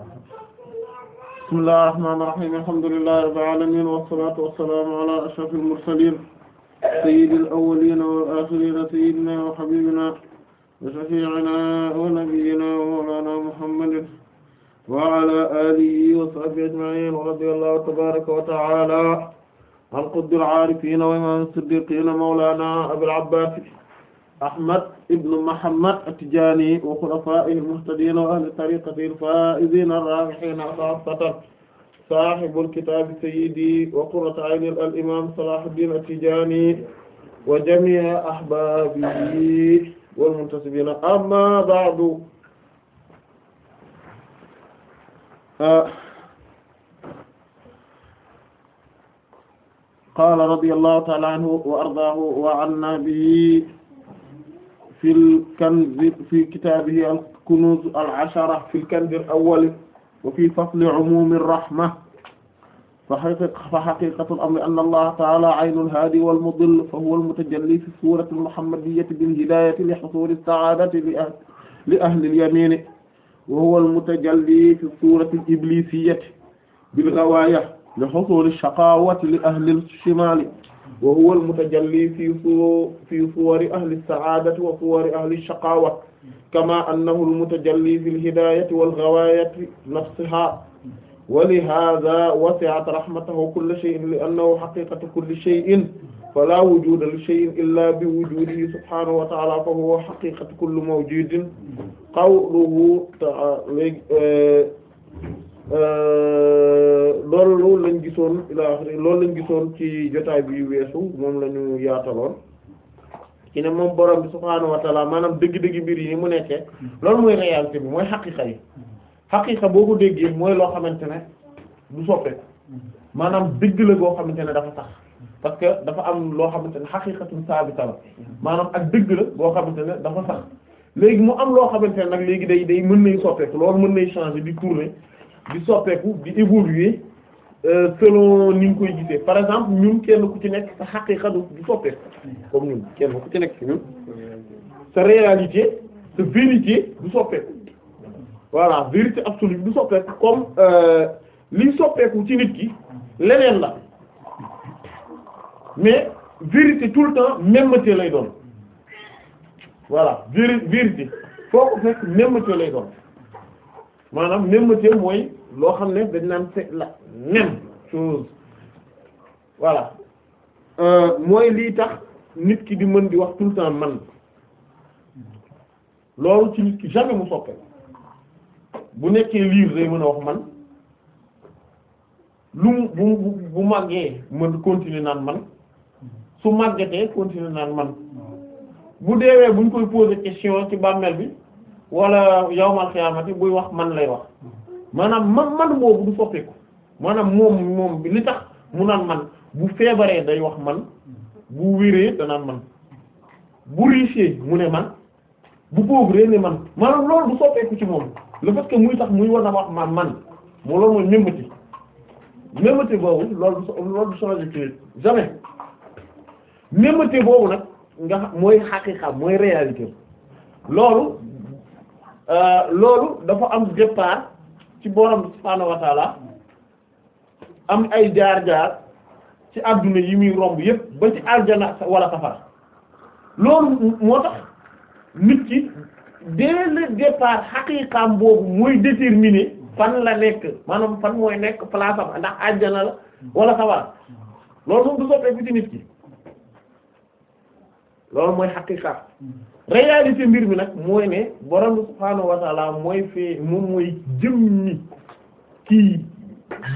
bismillahir rahmanir rahim alhamdulillahi rabbil alamin wassalatu wassalamu ala ashrafil mursalin sayyidil awwalina wal akhirina sayyidina wa habibina wa shafi'ina wa nabiyyina wa mawlana muhammadin wa ala alihi wa sahbihi ajma'in wa radiyallahu tabaraka wa ta'ala an qutbil arifina wa imam siddiqina mawlana abil abbas ahmad ibnu Muhammad at-Tijaani wa xulafaa'ihi al-muhtadiin wa ahli tariiqatihi al-faa'iziina ar-raabihiina xaasatan saahibul kitaabi sayyidi wa qurratu ayni al-imaam Salaahudiin at-Tijaani wa jamii' ahbaabihi wal muntasibiina ammaa ba'du qaala radiyallaahu ta'aalaa anhu wa ardaahu wa 'annaa bihi fil kanzi fi kitaabihi al kunuz al ashara fil kanzi al awwal wa fi fasli umumi rahma fa haqiqatul amri anna allaha ta'ala aynul haadi wal mudill fa huwa al mutajalli fi surati al muhammadiyyati bil hidayati li husuli as-sa'adati ah, li ahli al yamin wa huwa al mutajalli fi surati al iblisiyyati bil ghawaya li husuli ash-shaqawati li ahli al shimali wa huwa al-mutajalli fi su fi suwari ahli as-sa'adati wa suwari ahli ash-shaqawati kama annahu al-mutajalli fi al-hidayati wal-ghawayati nafsiha wa lihadha wasi'at rahmatahu kulla shay'in li'annahu haqiqatu kulli shay'in fala wujuda li shay'in illa bi wujudihi subhanahu wa ta'ala fa huwa haqiqatu kulli mawjudin qawluhu ta'ala Euh, loolu lañ gisoon ilaa loolu lañ gisoon ci jotaay bi weesu moom la ñu yaataloon ci ne moom borom bi subhaanahu wa maanaam dëgg-dëgg mbir yi mu nekkee loolu mooy réalité bi mooy xaqiiqa yi xaqiiqa boo ko déggee mooy loo xamante ne du soppeeku maanaam dëgg la goo xamante ne dafa sax parce que dafa am loo xamante ne xaqiiqatun saabita la maanaam ak dëgg la goo xamante ne dafa sax léegi mu am loo xamante ne nag léegi day day mën nay soppeeku loolu mën nay changer di tourner di soppeeku di évoluer euh, selon ni ñu koy gisee par exemple ñun kenn ku ci nekk sa xaqiqa du soppeeku comme ñun kenn ku ci nekk ci ñun sa réalité sa vérité di soppeeku voilà vérité absolue du soppeeku comme euh, liy soppeeku ci nit ki leneen la mais vérité tout le temps mêmeté lay doon voilà vérité foo ko fekk mêmeté lay doon maanaam mêmeté mooy loo xam ne dañ naan la même chose voilà euh, mooy lii tax nit ki di mën di wax tout temps man loolu ci nit ki jamais mu soppe bu nekkee livre mën a wax man lu bu bu màggee mën continuer naan man su màggatee continuer naan man bu deewee buñ koy poser question ci bàmmeel bi wala yawmal xiyaamati buy wax man lay wax maanaam man man boobu du soppeeku maanaam moom moom li tax mu naan man bu feebaree day wax man bu wéree danaan man bu riche mu ne man bu pauvre ne man maanaam loolu du soppeeku ci moom le fait que muy tax muy war na wax ma man moo loolu mooy loolu loolu du changé ci jamais mémbati boobu nag nga mooy xaqiqa mooy réalité loolu euh, loolu dafa am départ ci borom bi subhaanahu am ay jaar-jaar ci àdduna yi muy romb yépp ba ci aljana wala safara loolu moo tax nit ki dès la départ xaqiiqaam boobu mooy déterminer fan la nekk maanaam fan mooy nekk place ndax aljana la wala safara loolu moom du soppeeku ci nit ki loolu mooy xaqiqa hmm. réalité mbir mi nag mooy ne borom bi subhaanahu wa mooy fee moom mooy jëm ni kii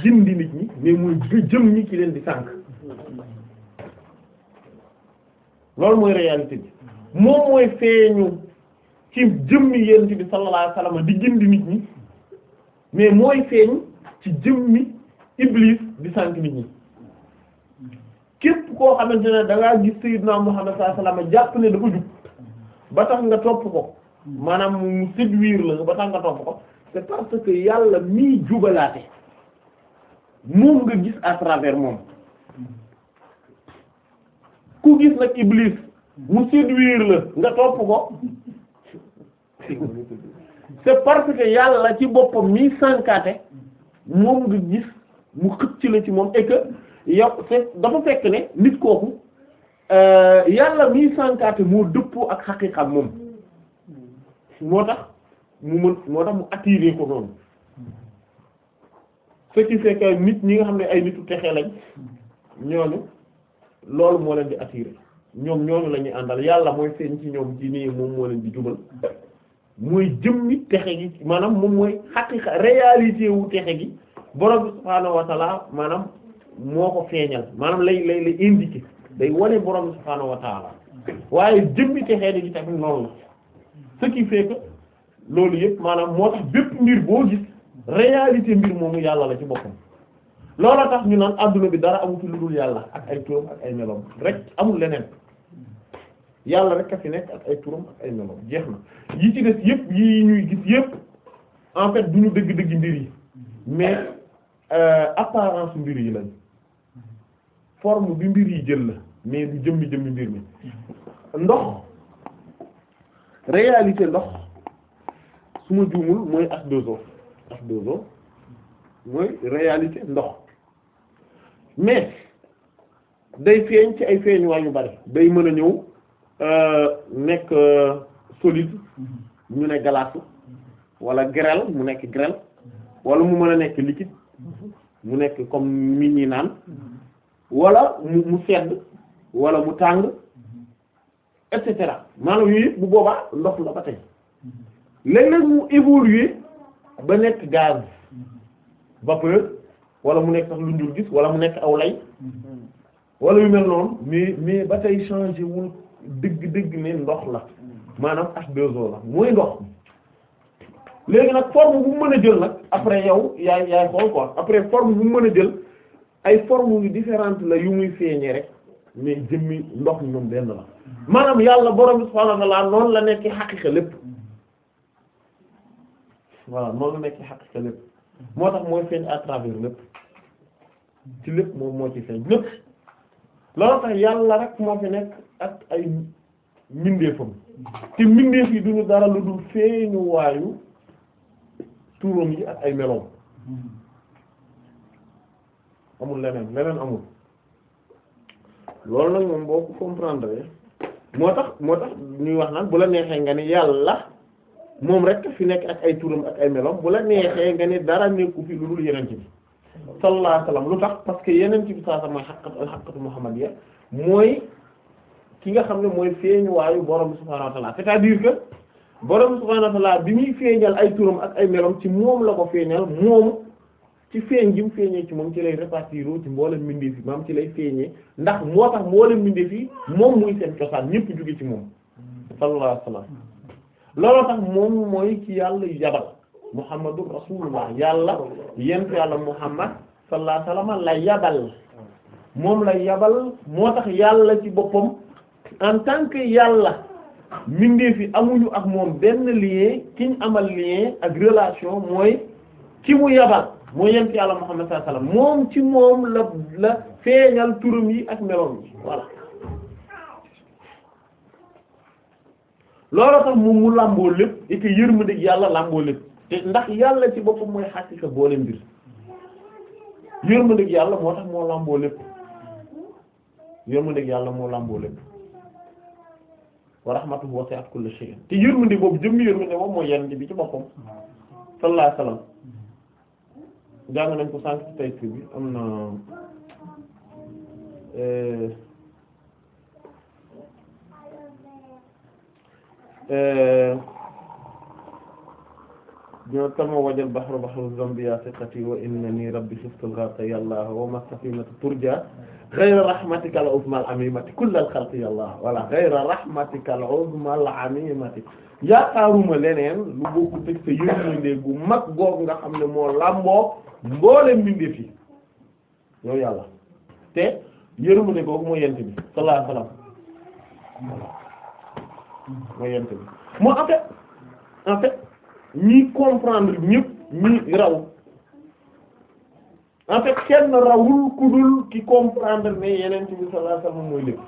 jindi nit ñi mais mooy jëm ki leen di sànk loolu mooy réalité bi moom mooy feeñu ci jëmmi yonent bi sallallahu alayhi wasallam di nit ñi mais mooy feeñ ci jëmmi iblis di sànk nit ñi koo xamante ne da ngaa gis naa mu sallallahu alayhi wasallam jàpp ne dafa jub ba nga topp ko maanaam mu séduire la ba tax nga topp ko c'est parce que yàlla mii jubalaate moom nga gis à travers moom ku gis nag Iblis mu séduire la nga topp ko c'est parce que yàlla ci boppam mii sànkaate moom nga gis mu xëcc la ci moom et yow fekk dafa fekk ne nit kooku euh, yàlla miy sànkaate moo dëppoo ak xaqiiqam moom moo tax mu mën moo tax mu attiré ko noonu ce qui fait nit ñi nga xam ne ay nitu texee lañ ñooñu loolu moo leen di attiré ñoom ñooñu la ñuy àndal yàlla mooy feeñ ci ñoom ci nii moom moo leen di jubal mooy jëmmi texe gi maanaam moom mooy xaqiiqa réalité texe gi borom bi subhaanahu maanaam moo ko feeñal maanaam lay lay lay indiqué day wane borom bi subhaanahu wa taala waaye jëmmi texee gi tamit noonu la ce qui fait loolu yëpp maanaam moo tax bépp mbir boo gis réalité mbir moomu yàlla la ci boppam loola tax ñu naan adduna bi dara amu fi lu dul yàlla ak ay turam ak ay meloom rek amul leneen yàlla rek a fi nekk ak ay turam ak ay meloom jeex na yi ci des yëpp yi ñuy gis yëpp en fait du ñu dëgg-dëgg mbir yi mais euh, apparence mbir yi lañ forme bi mbir yi jël la mais du jëmmi jëmmi mbir mi ndox réalité ndox su ma juumul mooy H2O H2O mooy réalité ndox mais day feeñ ci ay feeñ waa yu bari day mën a ñëw euh, nekk euh, solide mm-hmm. ñu ne glace wala grêle mu nekk grêle wala mu mën a nekk liquide mm-hmm. mu nekk comme mi naan mm-hmm. wala mu sedd wala mu tàng et cetera maanaam yooyu bu boobaa ndox la ba tey léeg-léeg mu évoluer ba nekk gaz vapeur wala mu nekk sax lu njur gis wala mu nekk aw lay wala yu mel noonu mais mais ba tey changé wul dëgg-dëgg ne ndox la maanaam H2O la mooy ndox léegi nag forme bu mu mën a jël nag après yow yaay yaay xool quoi après forme bu mu mën a jël ay formes yu la yu muy feeñee rek mais jëmmi ndox ñoom benn la maanaam yàlla borom subhaanahu wa laa noonu la nekk xaqiqa lépp voilà noonu la nekk xaqiqa lépp moo tax mooy feeñ à travers lépp ci lépp moom moo ci feeñ lépp loolu tax yàlla rek moo fi nekk ak ay mbindeefam te mbindeef yi duñu dara lu dul feeñu waayu turam yi ak ay meloom amul leneen leneen amul loolu nag moom boo ko comprendre moo tax moo tax ñuy wax naan bu la neexee nga ni yàlla moom rek fi nekk ak ay turam ak ay melom bu la neexee nga ni dara nekku fi lu dul yeneen ci bi sallallahu alayhi lu tax parce que yeneen ci bi saa sax mooy xaqatu alxaqatu muhammadiyya mooy ki nga xam ne mooy feeñuwaayu borom bi subhaanahu wa ta'ala c'est-à-dire que borom bi muy feeñal ay turam ak ay melom ci moom la ko feeñal moom ci feeñ ji mu feeñee ci moom ci lay répartir ci mboolem mbindeef yi ci lay feeñee ndax moo tax mboolem mbindeef yi moom muy seen cosaan ñépp jóge ci moom sallallahu looloo tax moom mooy ci yàlla yabal muhammadu rasulullah yàlla yent yàlla muhammad sallallahu alayhi wasallam la yabal moom la yabal moo tax yàlla ci boppam en tant que yàlla mbindeef fi amuñu ak moom benn lien kiñ amal lien ak relation mooy ki mu yabal mooy yent yàlla Muhammad sallallahu alayhi wasallam moom ci moom la la feeñal turam yi ak meloom yi voilà loolu tax moom mu làmboo lépp et que yàlla làmboo lépp te ndax yàlla ci boppam mooy xaqiqa boole mbir yërmandeeg yàlla moo tax moo làmboo lépp yërmandeeg yàlla moo làmboo lépp wa rahmatuhu wasi'at kulli shay'in te yërmande boobu jëmmi yërmande moom mooy yent bi ci boppam sallallahu alayhi wasallam jàng nañ ko sànq ci tay bi am na eh, eh, ñoo tama wajal bahru bahru zambiya siqati wa innani rabbi shiftul gharqa ya allah wa ma safinatu turja ghayra rahmatika al uzma al amimati kull al khalqi ya allah wala ghayra rahmatika al uzma al amimati yaakaaruma leneen lu bokku tëg sa yërmande gu mag goog nga xam ne moo làmboo mboole mbindeef yi yow yàlla te yërmande googu moo yent bi sallallahu alayhi wasallam moo yent bi moo en fait en fait ñi comprendre ñëpp ñi raw en kenn rawul ku dul ki comprendre ne yeneen ci bi sallallahu alayhi wasallam mooy lépp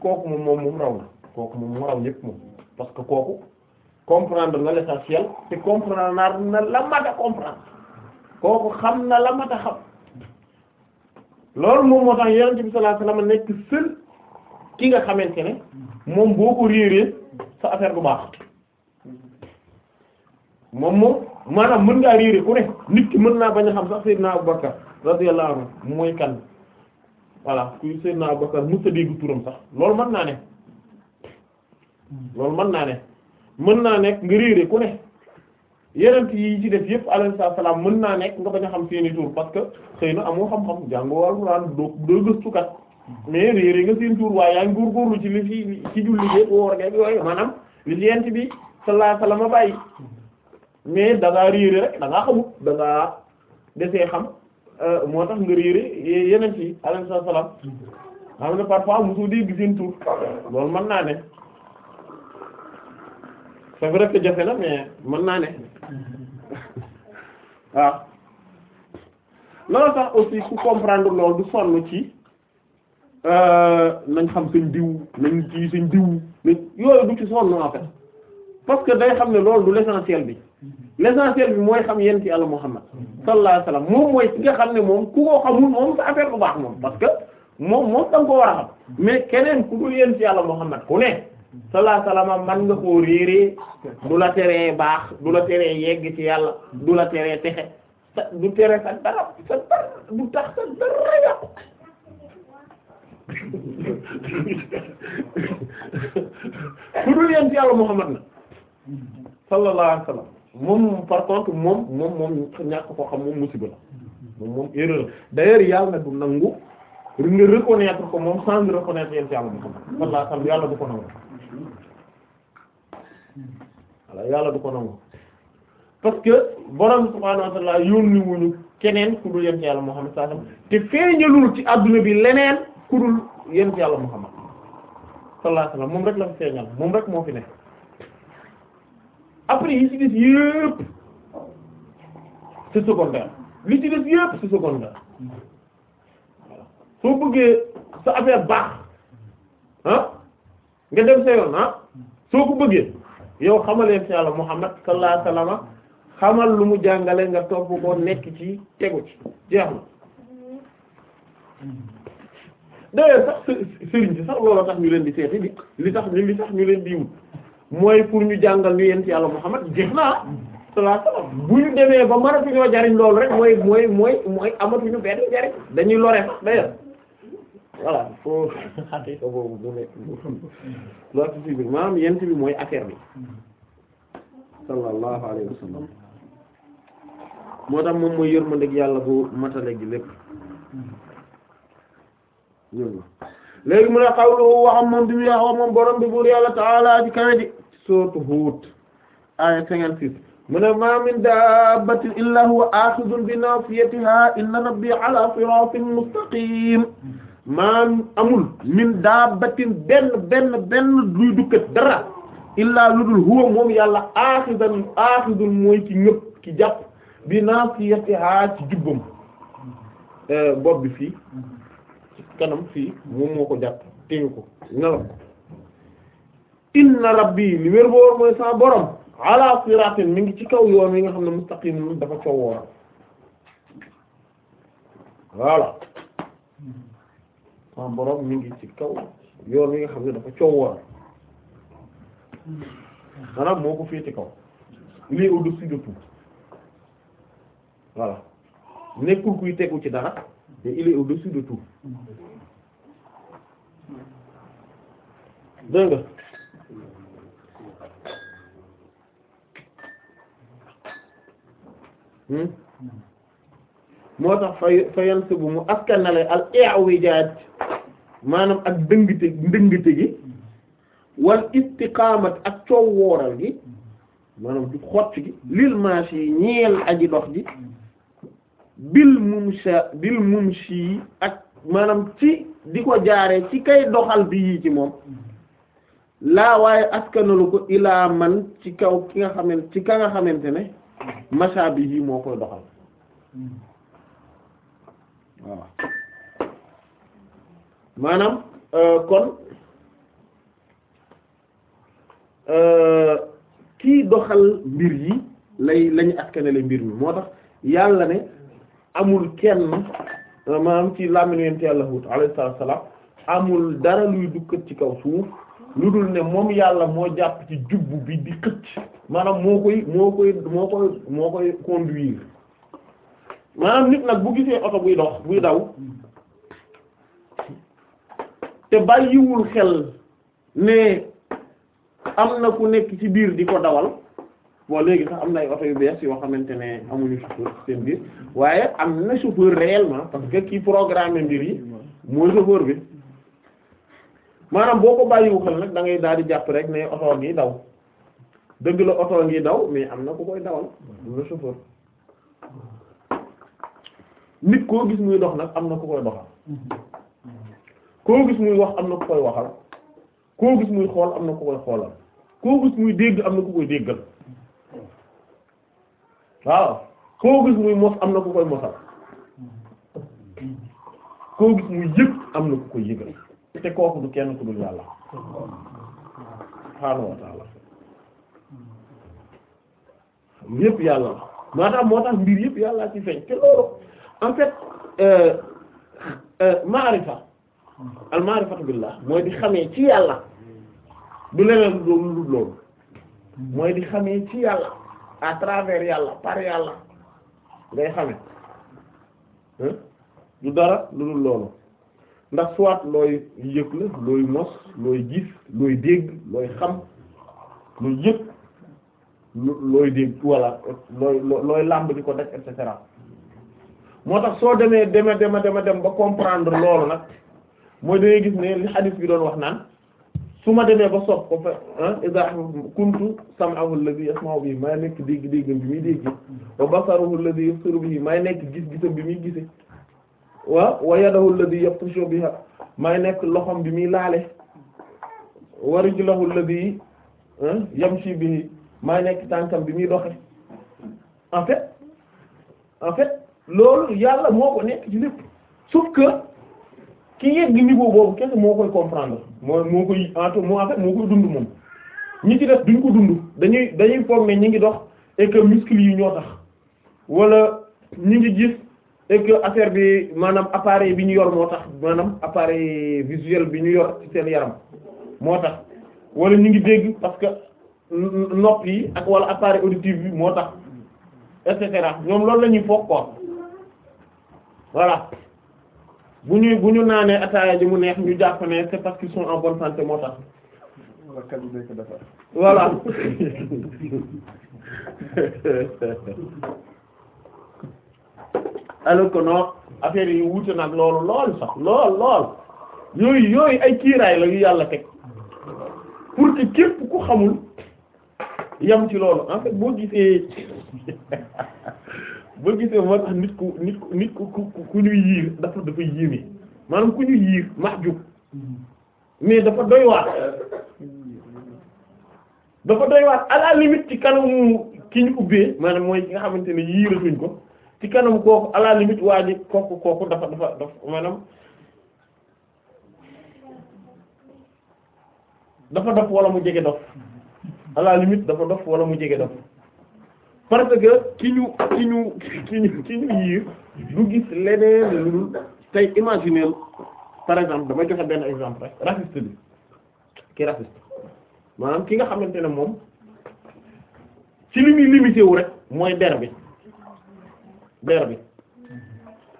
kooku moom moom moom raw na kooku moom mu raw ñëpp moom parce que kooku comprendre na l'essentiel te comprendre na la mat comprendre kooku xam na la mat xam loolu moom moo tax yeneen ci bi sallallahu alayhi nekk seul ki nga xamante ne moom boo ko réeree sa affaire bu baax moom moom maanaam mën ngaa réere ku ne nit ki mën naa bañ a xam sax Seydina Abubakar radiyallahu anhu mooy kan voilà kuy Seydina dégg turam sax loolu mën naa ne loolu mën naa ne mën naa nekk nga réer ku ne yeneen yi ci def yëpp alayhi salaam mën naa nekk nga bañ a xam seeni tur parce que xëy na amoo xam-xam jàngoo Alxuraan doo doo gëstukat mais réere nga seen tur waaye yaa ngi góorgóorlu ci li fi ci julli bi woor nga yooyu maanaam li ci yent bi sallallahu alayhi wasallam bàyyi mais da ngaa réere rek da ngaa xamut da ngaa desee xam euh, moo tax nga réere yeneen ci alayhi salaam xam ne parfois mosu dégg seen tur loolu mën naa ne c'est vrai que jafe na mais mën naa ne waaw loolu tax aussi ku comprendre loolu du sonn ci euh, nañ xam seen diw nañ ci seen diw yooyu du ci sonn en parce que day xam ne loolu du l'essentiel bi l'essentiel bi mooy xam yéen ci Yàlla Muhammad sallallahu alayhi wasallam moom mooy ki nga xam ne moom ku ko xamul moom sa affaire bu baax moom parce que moom moom da ko war a mais keneen ku dul yéen ci Yàlla Muhammad ku ne sallallahu alayhi wasallam man nga koo réeree du la baax du la teree yegg ci yàlla du la teree texe du tere sa dara sa dara du tax sa dara yàqu ku dul yéen ci Yàlla Muhammad na sallallahu alayhi wasallam moom par contre moom moom moom ñàkk koo xam moom musiba la moom moom erreur d'ailleurs yàlla na du nangu nga reconnaître ko moom sans reconnaître yéen ci yàlla bu xam walla sam yàlla du ko nangu yàlla du ko nangu parce que borom subhaanahu wa ta'ala yónni wuñu keneen ku dul yéen ci yàlla Muhammad xam alayhi wasallam te feeñalul ci adduna bi leneen ku dul yéen ci yàlla Muhammad sallallahu alayhi wasallam moom rek la fi feeñal moom rek moo fi nekk après yi ci des yëpp c'est secondaire li ci des yëpp c'est secondaire soo bëggee sa affaire baax ah, nga dem sa yoon ah, soo ko bëggee yow xamaleen ci yàlla Muhammad sallallahu alayhi wasallam xamal lu mu jàngale nga topp ko nekk ci tegu ci jeex na d'ailleurs sax sëriñ si sax loolu tax ñu leen di seeti li li tax li tax ñu leen di wut mooy pour ñu jàngal ñu yent yàlla Muhammad jeex na sallallahu alayhi wasallam bu ñu demee ba maratuñoo jariñ loolu rek mooy mooy mooy mooy amatuñu benn jariñ dañuy lore sax d'ailleurs voilà foo xaqiqa boobu bu nekk loolu ci biir maanaam yent bi mooy affaire bi sallallahu alayhi wasallam moo mo moom mooy yërmandeeg yàlla bu matale gi lépp léegi mu ne xawlu waxam moom bi mu borom bi buur taala ji kawe sourate Hud aya 56 mu ne ma min dabbatin illa huwa akhidun bi nasiyatiha inna rabbi ala siratin mustaqim maam amul min dabbatin benn benn benn luy dukkat dara illaa ludul huwa moom yàlla axidan axidun mooy ci ñëpp ki jàpp bi nasiyatiha ci jubbam eh, bopp bi fii kanam fii moom moo ko jàpp ténga ko ngalab inna rabbi li wér boor mooy sa borom ala siratin mi ngi ci kaw yoon wi nga xam ne mustaqim dafa kaw woon voilà sa borom mi ngi ci kaw yoon wi nga xam ne dafa coow woon maanaam moo ko féete kaw lii au-dessus de tout voilà nekkul kuy tegu ci dara mais il est au-dessus de Hmm? moo tax fa fa yansi bu mu askanale al i'wijaj maanaam ak ndëngte ndëngte gi wal istiqaamat ak coow wooral gi maanaam du xott gi lil maashi yi ñeel aji dox ji bil mumsha bil mumshi ak maanam ci di ko jaare ci kay doxal bi yii ci moom laa waaye askanalu ko ilaa man ci kaw ki nga xamante ci ka nga xamante ne bi mashabihi moo koy doxal waaw maanaam euh, kon euh, kii doxal mbir yi lay lañu askanale mbir mi moo tax yàlla ne amul kenn maanaam ci làmmiñu yonent yàlla salaam amul dara luy dukkat ci kaw suuf lu dul ne moom yàlla moo jàpp ci jubbu bi di xëcc maanaam moo koy moo koy moo koy moo koy conduire maanaam nit nag bu gisee oto buy dox buy daw te bàyyiwul xel ne am na ku nekk ci biir di ko dawal bon léegi sax am na ay oto yu bees yoo xamante ne amuñu chauffeur seen biir waaye am na chauffeur réellement parce que ki programme mbir yi mooy chauffeur bi maanaam boo ko bàyyiwu xel nag da ngay daal di jàpp rek ne oto ngi daw dëgg la oto ngi daw mais am na ku koy dawal le chauffeur nit koo gis muy dox nag am na ku koy doxal koo gis muy wax am na ku koy waxal koo gis muy xool am na ku koy xoolal koo gis muy dégg am na ku koy déggal waaw koo gis muy mos am na ku koy mosal koo gis muy yëg am na ku koy yëgal te kooku du kenn ku dul yàlla subhaanahu wa ta'ala yëpp yàlla la maanaam moo tax mbir ci feeñ te loolu en fait euh, euh, maarifa al maarifatu billah mooy di xamee ci yàlla du leneen lu dul loolu mooy di xamee ci yàlla à travers par yàlla ngay xamee du dara lu dul loolu ndax soit looy yëg looy mos looy gis looy dégg looy xam looy yëg looy dégg voilà looy looy làmb di ko def et cetera moo tax soo demee deme deme deme dem ba comprendre loolu nag mooy dangay gis ne li hadith bi doon wax naan su ma demee ba sopp ko fa iza kuntu sam'ahu alladhi yasma'u bihi may nekk dégg-déggam bi muy dégg wa basaruhu alladhi yubsiru bihi may nekk gis-gisam bi muy gisee waaw wa wa yadahu alladhi yabtashu biha may nekk loxom bi muy laale wa rijluhu alladhi eh, yamshi bihi may nekk tànkam bi muy doxe en fait en fait loolu yàlla moo ko nekk ci lépp sauf que ki yegg niveau boobu kese moo koy comprendre moo moo koy en moo en fait moo koy dund moom ñi ci def duñ ko dund dañuy dañuy foog ñi ngi dox et que muscles yi ñoo tax wala ñi ngi gis et que affaire bi maanaam appareil bi ñu yor moo tax maanaam appareil visuel bi ñu yor ci seen yaram moo tax wala ñu ngi dégg parce que nopp yi ak wala appareil auditif bi moo tax et cetera ñoom loolu lañuy ñuy foog quoi bu ñu bu ñu naanee ataaya ji mu neex ñu jàpp ne c'est parce qu'ils sont en bonne santé moo tax. voilà. alors que non affaire yi wuute nag loolu lool sax lool lool yooyu ay kiiraay la yu yàlla teg pour que képp ku xamul yam ci loolu en fait boo gisee boo gisee moo tax nit ku nit ku nit ku ku ñuy yiir dafa dafa yéeme maanaam ku ñuy yiir mahjub mais dafa doy waat dafa doy waat à la limite ci kanamu ki ñu ubbee maanaam mooy ki nga xamante ne yiiratuñ ko ci kanam kooku à la limite waa ji kooku kooku dafa dafa daf maanaam dafa dof walla mu jege dof à la limite dafa dof wala mu jege dof parce que ki ñu ki ñu ki ñu ki ñu yiir du gis leneen lu dul tey imaginer par exemple damay joxe benn exemple rek raciste bi ki raciste maanaam ki nga xamante ne moom ci li muy limité wu rek mooy der bi der bi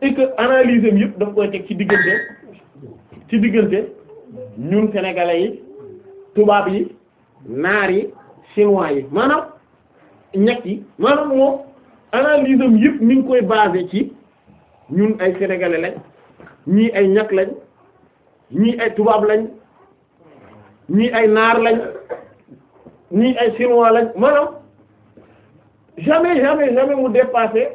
et que analyse yëpp daf koy teg ci diggante ci diggante ñun sénégalais yi tubaab yi naar yi chinois yi maanaam ñett yi maanaam moom analyse am yëpp mi koy basé ci ñun ay sénégalais lañ ñii ay ñakk lañ ñii ay tubaab lañ ñii ay naar lañ ñii ay chinois lañ maanaam jamais jamais jamais mu dépassé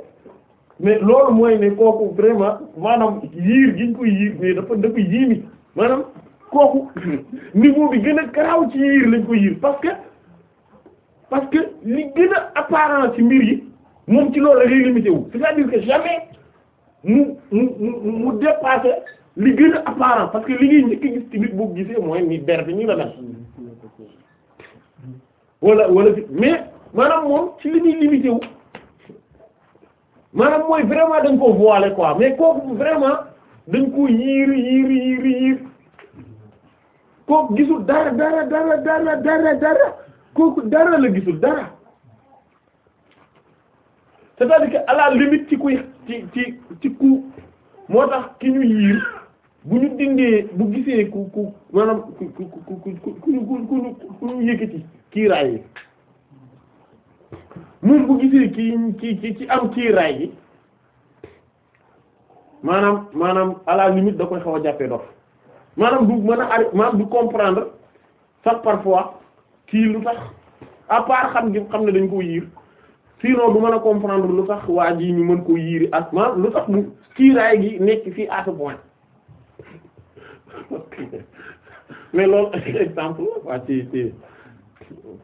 mais loolu mooy ne kooku vraiment maanaam yiir giñ koy yiir mais dafa dafa yiimi maanaam kooku niveau bi gën a garaaw ci yiir lañ ko yiir parce que parce li gën a apparent ci mbir yi moom ci loolu la lay limité wu c'est-à-dire que jamais mu mu mu mu dépassé li gën a apparent parce que li ngay njëkk gis ci nit boo gisee mooy ni der bi ñu la mel mm-hmm. wala wala mais maanaam moom ci li muy limité wu maanaam mooy vraiment dañ ko voilé quoi mais kooku vraiment dañ ko yiir yiir yiir yiir kooku gisul dara dara dara dara dara dara kooku dara la gisul dara c'est-à-dire que à la limite ci kuy ci ci ci ku moo tax ki ñu yiir bu ñu dindee bu gisee ku ku maanaam ku ku ku ku ku ku ku ñu yëkkati kiiraay yi moom bu gisee kii kii ki ci am kiiraay gi maanaam maanaam à la limite da koy xaw a jàppee dof maanaam du mën a ari maanaam du comprendre sax parfois kii lu tax à xam ne dañ ko yiir sinon du mën a comprendre lu tax waa ji ñu mën ko yiiri as maanaam lu tax mu kiiraay gi nekk fii à ce point mais loolu exemple waa ci ci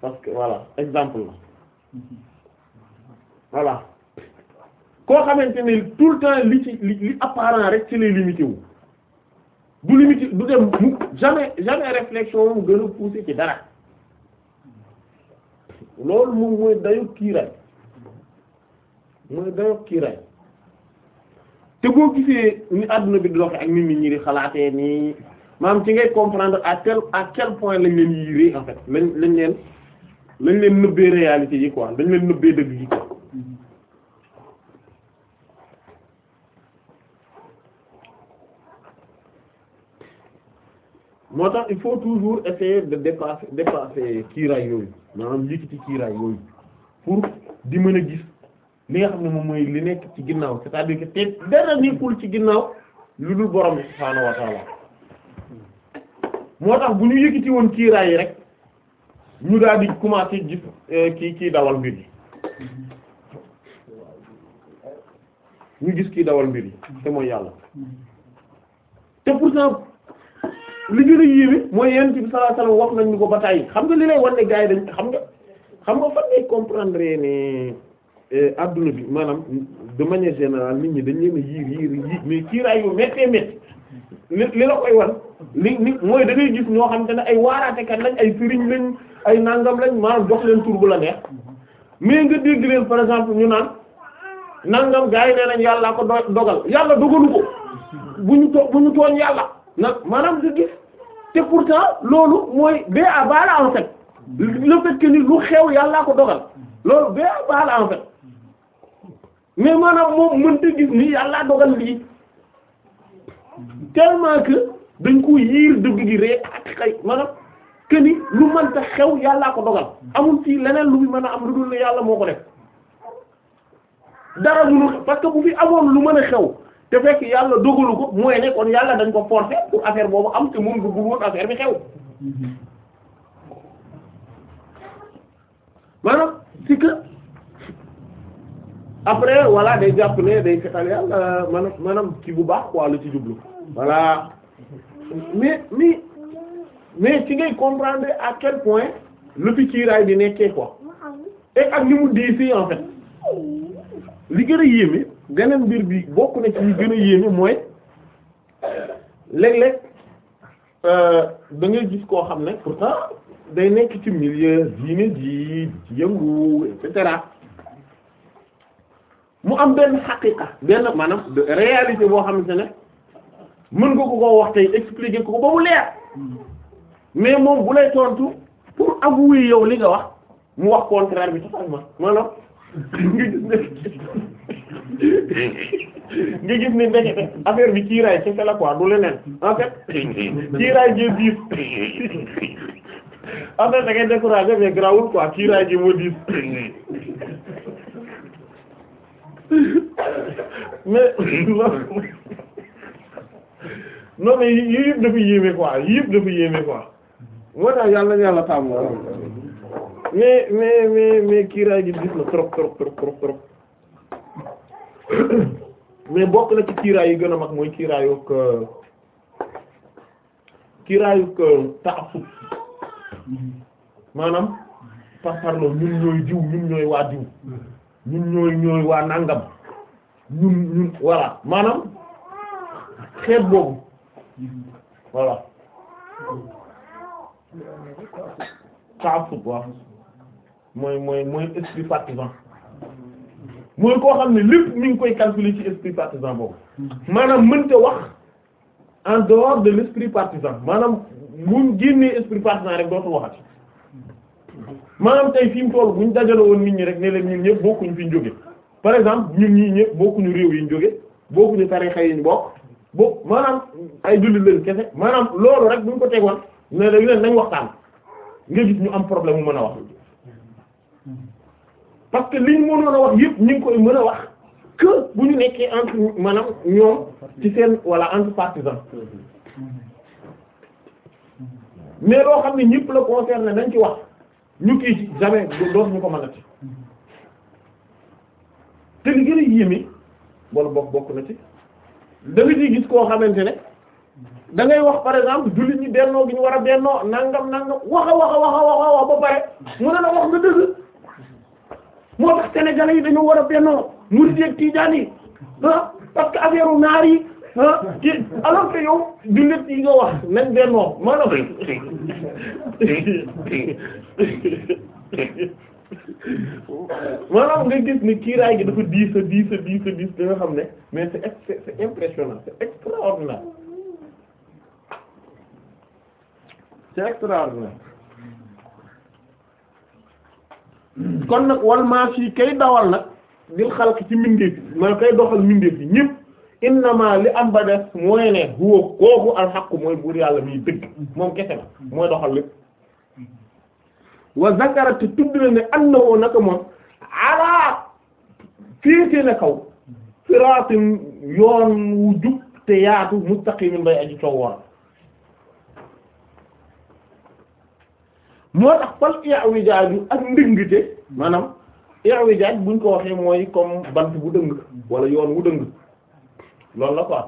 parce que voilà exemple la mm-hmm. voilà koo xamante ne tout le temps li ci li apparent rek ci lay limité wu du limité du dem mu jamais jamais réflexion mu gën a poussé ci dara loolu moom mooy dayu kiiraay mooy dayu kiiraay te boo gisee ni àdduna bi di doxe ak nit ñi ñi di xalaatee nii maam ci ngay comprendre à quel à quel point lañ leen yiree en fait lañ lañ leen lañ leen nëbbee réalité yi quoi lañ leen nëbbee dëgg yi quoi moo tax il faut toujours essayer de dépasser dépasser kiiraay yooyu maanaam yëkkati kiiraay yooyu pour di mën a gis li nga xam ne moom mooy li nekk ci ginnaaw c'est-à-dire que te dara nekkul ci ginnaaw lu dul borom bi subhaanahu moo tax bu ñu yëkkati woon kiiraay yi rek ñu daal di commencer gis euh, kii kii dawal mbir yi ñu gis kii dawal mbir yi te mooy yàlla te pourtant li gën a yéeme mooy yonent bi sallallahu alayhi wasallam wax nañ ñu ko ba tàyyi xam nga li lay wan ne gars yi dañ xam nga xam nga fan lay comprendre ne eh, adduna bi maanaam de manière générale nit ñi dañ a yiir yiir yiir mais kiiraay yu méttee métti li li la koy wan li li mooy da gis ñoo xam te ne ay waaraatekat lañ ay sëriñ lañ ay nangam lañ maanaam jox leen tur bu la neex mais nga dégg leen par exemple ñu naan nangam gars yi nee nañ yàllaa ko dogal yàlla dogalu ko bu ñu too bu ñu tooñ yàlla. nag maanaam nga gis te pourtant loolu mooy bee à baala en fait le fait que ni lu xew yàllaa ko dogal loolu bee à baala mais maanaam moom mënta gis ni yàllaa dogal lii tellement que dañ ko yiir dëgg gi rek ak xay maanaam que ni lu xew yàllaa ko dogal amul fii leneen lu bi mën a am lu dul ne yàlla moo ko def dara lu parce que bu fi amoon lu mën a xew te fekk yàlla dogalu ko mooy ne kon yàlla dañ ko forcer pour affaire boobu am te moom du bëggoon affaire bi xew maanaam si que après voilà day jàpp ne day fetal yàlla maanaam maanaam ci bu baax quoi la ci jublu voilà mais mais mais ci ngay comprendre à quel point lu fi ciiraay bi nekkee quoi ak ni mu diisi en fait li gën a beneen mbir bi bokk na ci gën a yéeme mooy léeg-léeg euh, dangay ngay gis koo xam ne pourtant day nekk ci milieu diine ji yëngu et cetera mu am benn xaqiqa benn maanaam réalité boo xamante ne mën nga ko ko wax tey expliquer ko ba mu leer mais moom bu lay tontu pour avouer yow li nga wax mu wax contraire bi totalement maanaam nga gis ne. nga gis ne ndekete affaire bi kiiraay kese la quoi du leneen en fait kiiraay ji diis en fait da ngay décourager mais grawul quoi kiiraay ji moo diis mais non mais yii yëpp dafa yéeme quoi yii yëpp dafa yéeme quoi moo tax yàlla na yàlla taamu mais mais mais mais kiiraay ji diis na trop trop trop trop trop. mais bokk na ci kiiraay yu gën a mag mooy kiiraayug euh, kiiraayug euh, taasub maanaam par parlo ñun ñooy diw ñun ñooy waa diw ñun ñooy ñooy waa nangam ñun ñun voilà maanaam xeet boobu voilà taasub waaw mooy mooy mooy esprit partisan mooy koo xam ne lépp nu ngi koy calculer ci esprit partisan boobu maanaam mënta wax en dehors de l'esprit partisan maanaam buñ génnee esprit partisan rek dootu waxati maanaam tey fi mu bu ñu dajale woon nit ñi rek ne leen ñun ñëpp bokkuñ fi ñu jóge par exemple ñun ñii ñëpp bokkuñu réew yi ñu jóge bokkuñu tarixa yi ñu bokk bokk maanaam ay jullit leen kese maanaam loolu rek buñ ko tegoon ne leen nañ waxtaan nga gis ñu am problème mu mën a wax parce que liñ mënoon a wax yëpp ñu ngi koy mën a wax que bu ñu nekkee entre maanaam ñoom ci seen wala entre partisans mais loo xam ne ñépp la concerné dañ ci wax ñu kii jamais dootuñu ko mënati te li gën a yéeme wala bokk bokk na ci da nga gis koo xamante ne dangay wax par exemple jullit ñi bennoo gi ñu war a bennoo nangam nangam waxa waxa waxa waxa wax ba pare mu ne la wax nga dëgg. moo tax sénégalais yi dañoo war a bennoo murid ak tijaan yi ah parce que affaire u naar yi ah alors que yow du lépp yi nga wax nañ bennoo maanaam maanaam nga gis ni kiiraay gi dafa diis a diis a diis a diis da nga xam ne mais c'est c'est impressionnant c'est extraordinaire c'est extraordinaire kon nag wal maashi kay dawal nag dil xalq ci mbindeef bi man kay doxal mbindeef bi ñëpp innama li am ba def mooy ne huwa kooku alxaqu mooy buur yàlla miy dëgg moom kese na mooy doxal lépp wa te tudd na ne annahu naka moom ala féete na kaw siraatin yoon wu jub te yaatu mustaqimin bay aji coowoon moo tax fal i'wijaj ak ndëngte maanaam i'wijaj buñ ko waxee mooy comme bant bu dëng wala yoon wu dëng loolu la quoi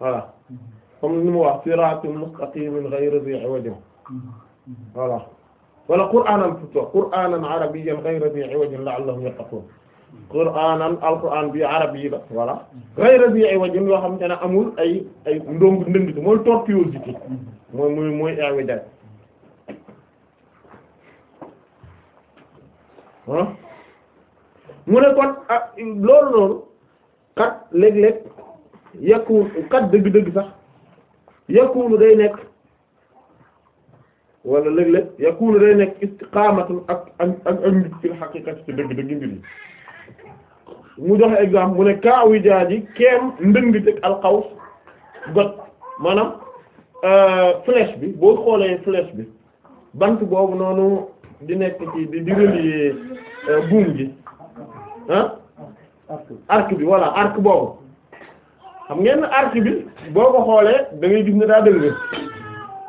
voilà comme ni mu wax siraatun mustaqimin ghayra dhi 'iwaj voilà wala qur'aanan plutôt qur'aanan arabiyyan ghayra dhi 'iwaj la'allahum yattaqun qur'aanan alqur'aan bi arabi la voilà ghayra dhi 'iwaj yoo xam te ne amul ay ay ndong ndëngte mooy tortuosité mooy mooy mooy i'wijaj mu ne kon ah loolu noonu kat léeg-léeg yakkuwul kat dëgg-dëgg sax yakkuwul day nekk wala léeg-léeg yakkuwul day nekk istiqaamatul ak ak ak ak nit fil haqiqati ci dëgg-dëgg mbir yi mu joxe exemple mu ne kaawu jaaji keem ndëng teg alxaws got maanaam euh, flèche bi boo xoolee flèche bi bant boobu noonu. di nekk ci di di relier euh, buum gi ah arc bi voilà arc boobu xam ngeen arc bi boo ko xoolee dangay ngay gis ne daa dëgg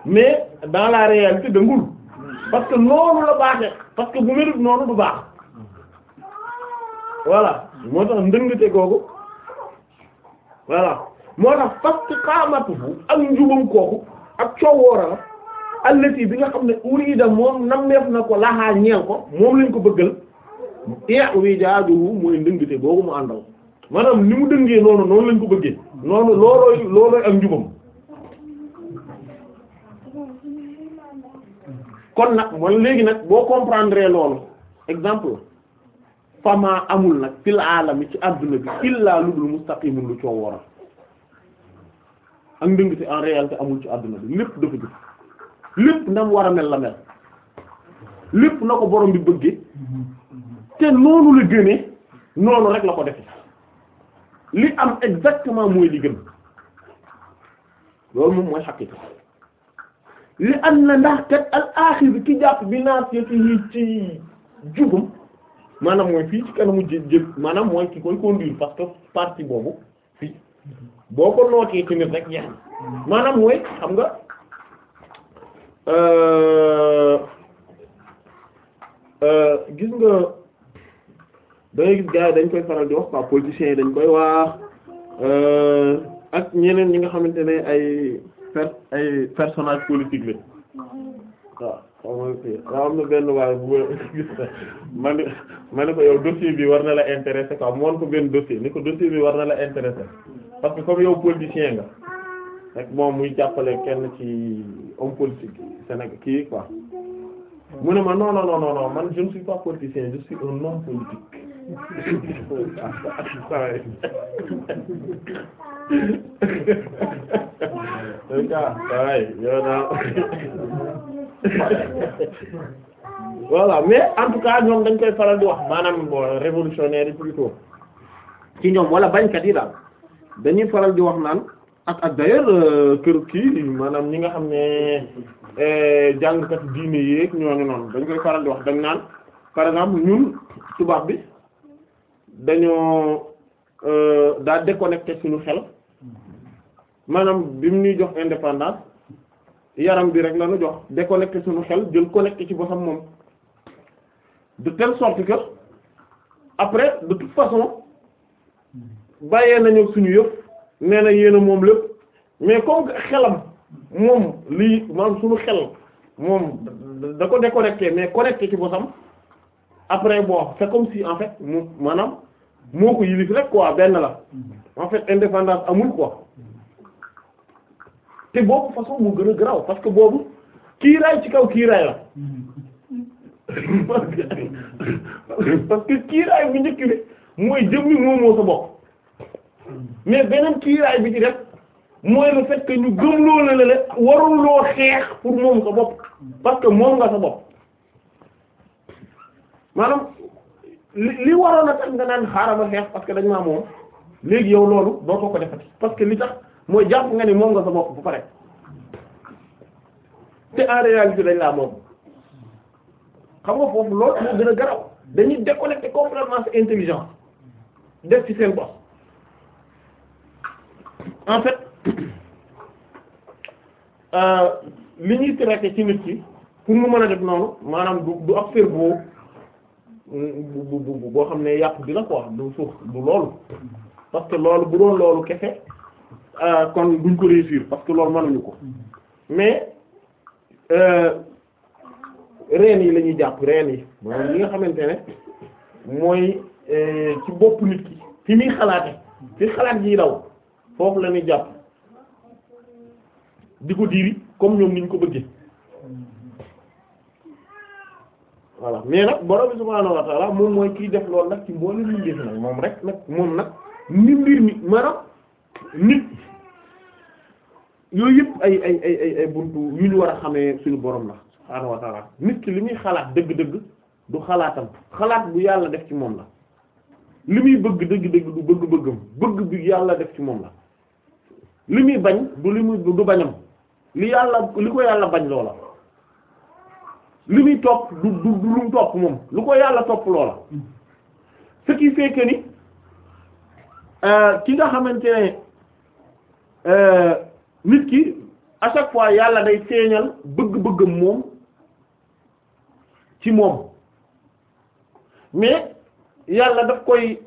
mais dans la réalité dëngul parce que noonu la baaxee parce que bu melut noonu bu baax voilà moo tax ndëngte googu voilà moo tax parce que ak njubam kooku ak coowóora la allati bi nga xam ne urida moom nammeef na ko laxaa ñeel ko moom lañ ko bëggal teex wi jaajuwu mooy ndëngte boobu mu àndal maanaam ni mu dëngee noonu noonu lañ ko bëggee noonu loolooy loolooy ak njubam kon nag man léegi nag boo comprendre loolu exemple fama amul nag fil alami ci àdduna bi illaa lu dul mustaqimun lu coow waral ak ndëngte en réalité amul ci àdduna bi lépp dafa jub lépp na mu war a mel la mel lépp na ko borom bi bëggee te noonu la gënee noonu rek la ko defe li am exactement mooy li gën loolu moom mooy xaqiiqa li am na ndax kat al axir ki jàpp bi naat yi ci jugum maanaam mooy fii ci kanamu jë jë maanaam mooy ki koy conduire parce que partie boobu fii boo ko nootee ci rek jeex maanaam mooy xam nga Euh, euh, gis nga da ngay gis gars yi dañ koy faral di wax quoi politiciens yi dañ koy wax euh, ak ñeneen ñi nga xamante ne ay per ay personnage politique lañ waaw waaw am na benn waaye bu ma gis ma ne ma ne ko yow dossier bi war na la ko quoi moon ko benn dossier ni ko dossier bi war na la intéresser parce que comme yow politicien nga rek moom muy jàppale kenn ci homme politique Sénégal kii quoi mu ne ma non non non non man je ne suis pas politicien je suis un homme politique voilà mais en tout cas ñoom dañ koy faral di wax maanaam bon révolutionnaire yi plutôt ci ñoom wala bañkat yi daal dañuy faral di wax naan ak ak d'ailleurs euh, kër kii maanaam ñi nga xam ne euh, jàngkat diine yeeg ñooñu noonu dañ koy faral di wax dañ naan par exemple ñun tubaab bi dañoo euh, daa déconnecté suñu xel maanaam bi mu ñuy jox indépendance yaram bi rek la jox déconnecté suñu xel jël connecté ci boppam moom de telle sorte que après de toute façon bàyyee nañu suñu yëpp. nee na yéen a moom lépp mais comme xelam moom lii maanaam suñu xel moom da ko déconnecté mais connecté ci bosam après bon c'est comme si en fait mu maanaam moo ko yilif rek quoi benn la en fait indépendance amul quoi te boobu façon mu gën a garaaw parce que boobu kii raay ci kaw kii raay la parce que kii raay bu njëkk bi mooy jëmmi moomoo sa bopp mais beneen kiiraay bi di def mooy le fait que ñu gëm loo la la loo xeex pour moom sa bopp parce que moom nga sa bopp maanaam li li waroon a tax nga naan xaaral ma xeex parce que dañ maa moom léegi yow loolu dootoo ko defati parce que li tax mooy jàpp nga ni moom nga sa bopp bu pare te en réalité dañ laa moom xam nga foofu loolu dina gën a garaw dañuy déconnecté complètement sa intelligence def ci seen bopp. en fait euh, li ñuy traité ci nit ki pour mu mën a def noonu maanaam du du ab cerveau bu bu boo xam ne yàpp di la quoi du suuf du loolu parce que loolu bu doon loolu kese euh, kon duñ ko réussir parce que loolu mënuñu ko mais euh, reen yi lañuy jàpp reen yi maanaam li nga xamante ne mooy ci bopp nit ki fi muy xalaate fi xalaat yiy daw foofu la ñuy jàpp di ko diri comme ñoom niñ ko bëggee voilà mais nag borom bi subhaanahu wa ta'ala moom mooy kiy def loolu nag ci mboolem ñu moom rek nag moom nag ni mbir yooyu yëpp ay ay ay ay ay buntu yu ñu war a xamee suñu borom la subhaanahu wa nit ki li muy xalaat dëgg-dëgg du xalaatam xalaat bu yàlla def ci moom la li muy bëgg dëgg-dëgg du bëgg-bëggam bëgg bi yàlla def ci moom la li muy bañ du li mu du bañam li yàlla li ko yàlla bañ loola li muy topp du du lu mu topp moom lu ko yàlla topp loola ce qui fait ni euh, ki nga xamante ne euh, nit ki à chaque fois yàlla day feeñal bëgg-bëggam moom ci moom mais yàlla daf koy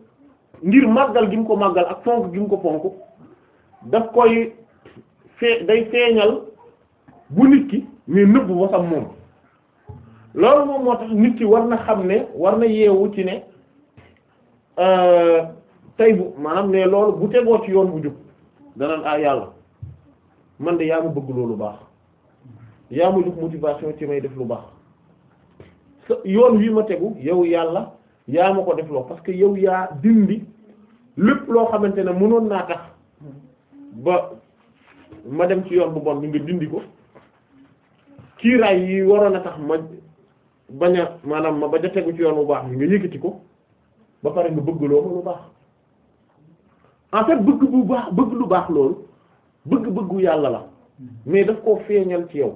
ngir màggal gi mu ko màggal ak fonk gi mu ko fonk daf koy fee day feeñal bu nit ki mais nëbb wasam moom loolu moom moo tax nit ki war na xam ne war na yeewu ci ne euh, tey bu maanaam ne loolu bu tegoo ci yoon bu jub danaan ah yàlla man de yaa ma bëgg loolu baax yaa ma jub motivation ci may def lu baax sa yoon wi ma tegu yow yàlla yaa ma ko def loo parce que yow yaa dindi lépp loo xamante ne mënoon naa tax ba ma dem ci yoon bu bon bi nga dindi ko kiiraay yi waroon a tax ma bañ a maanaam ma bañ a tegu ci yoon bu baax bi nga yëkkati ko ba pare nga bëgg loo ma lu baax en bëgg bu baax bëgg lu baax loolu bëgg-bëggu yàlla la mais daf koo feeñal ci yow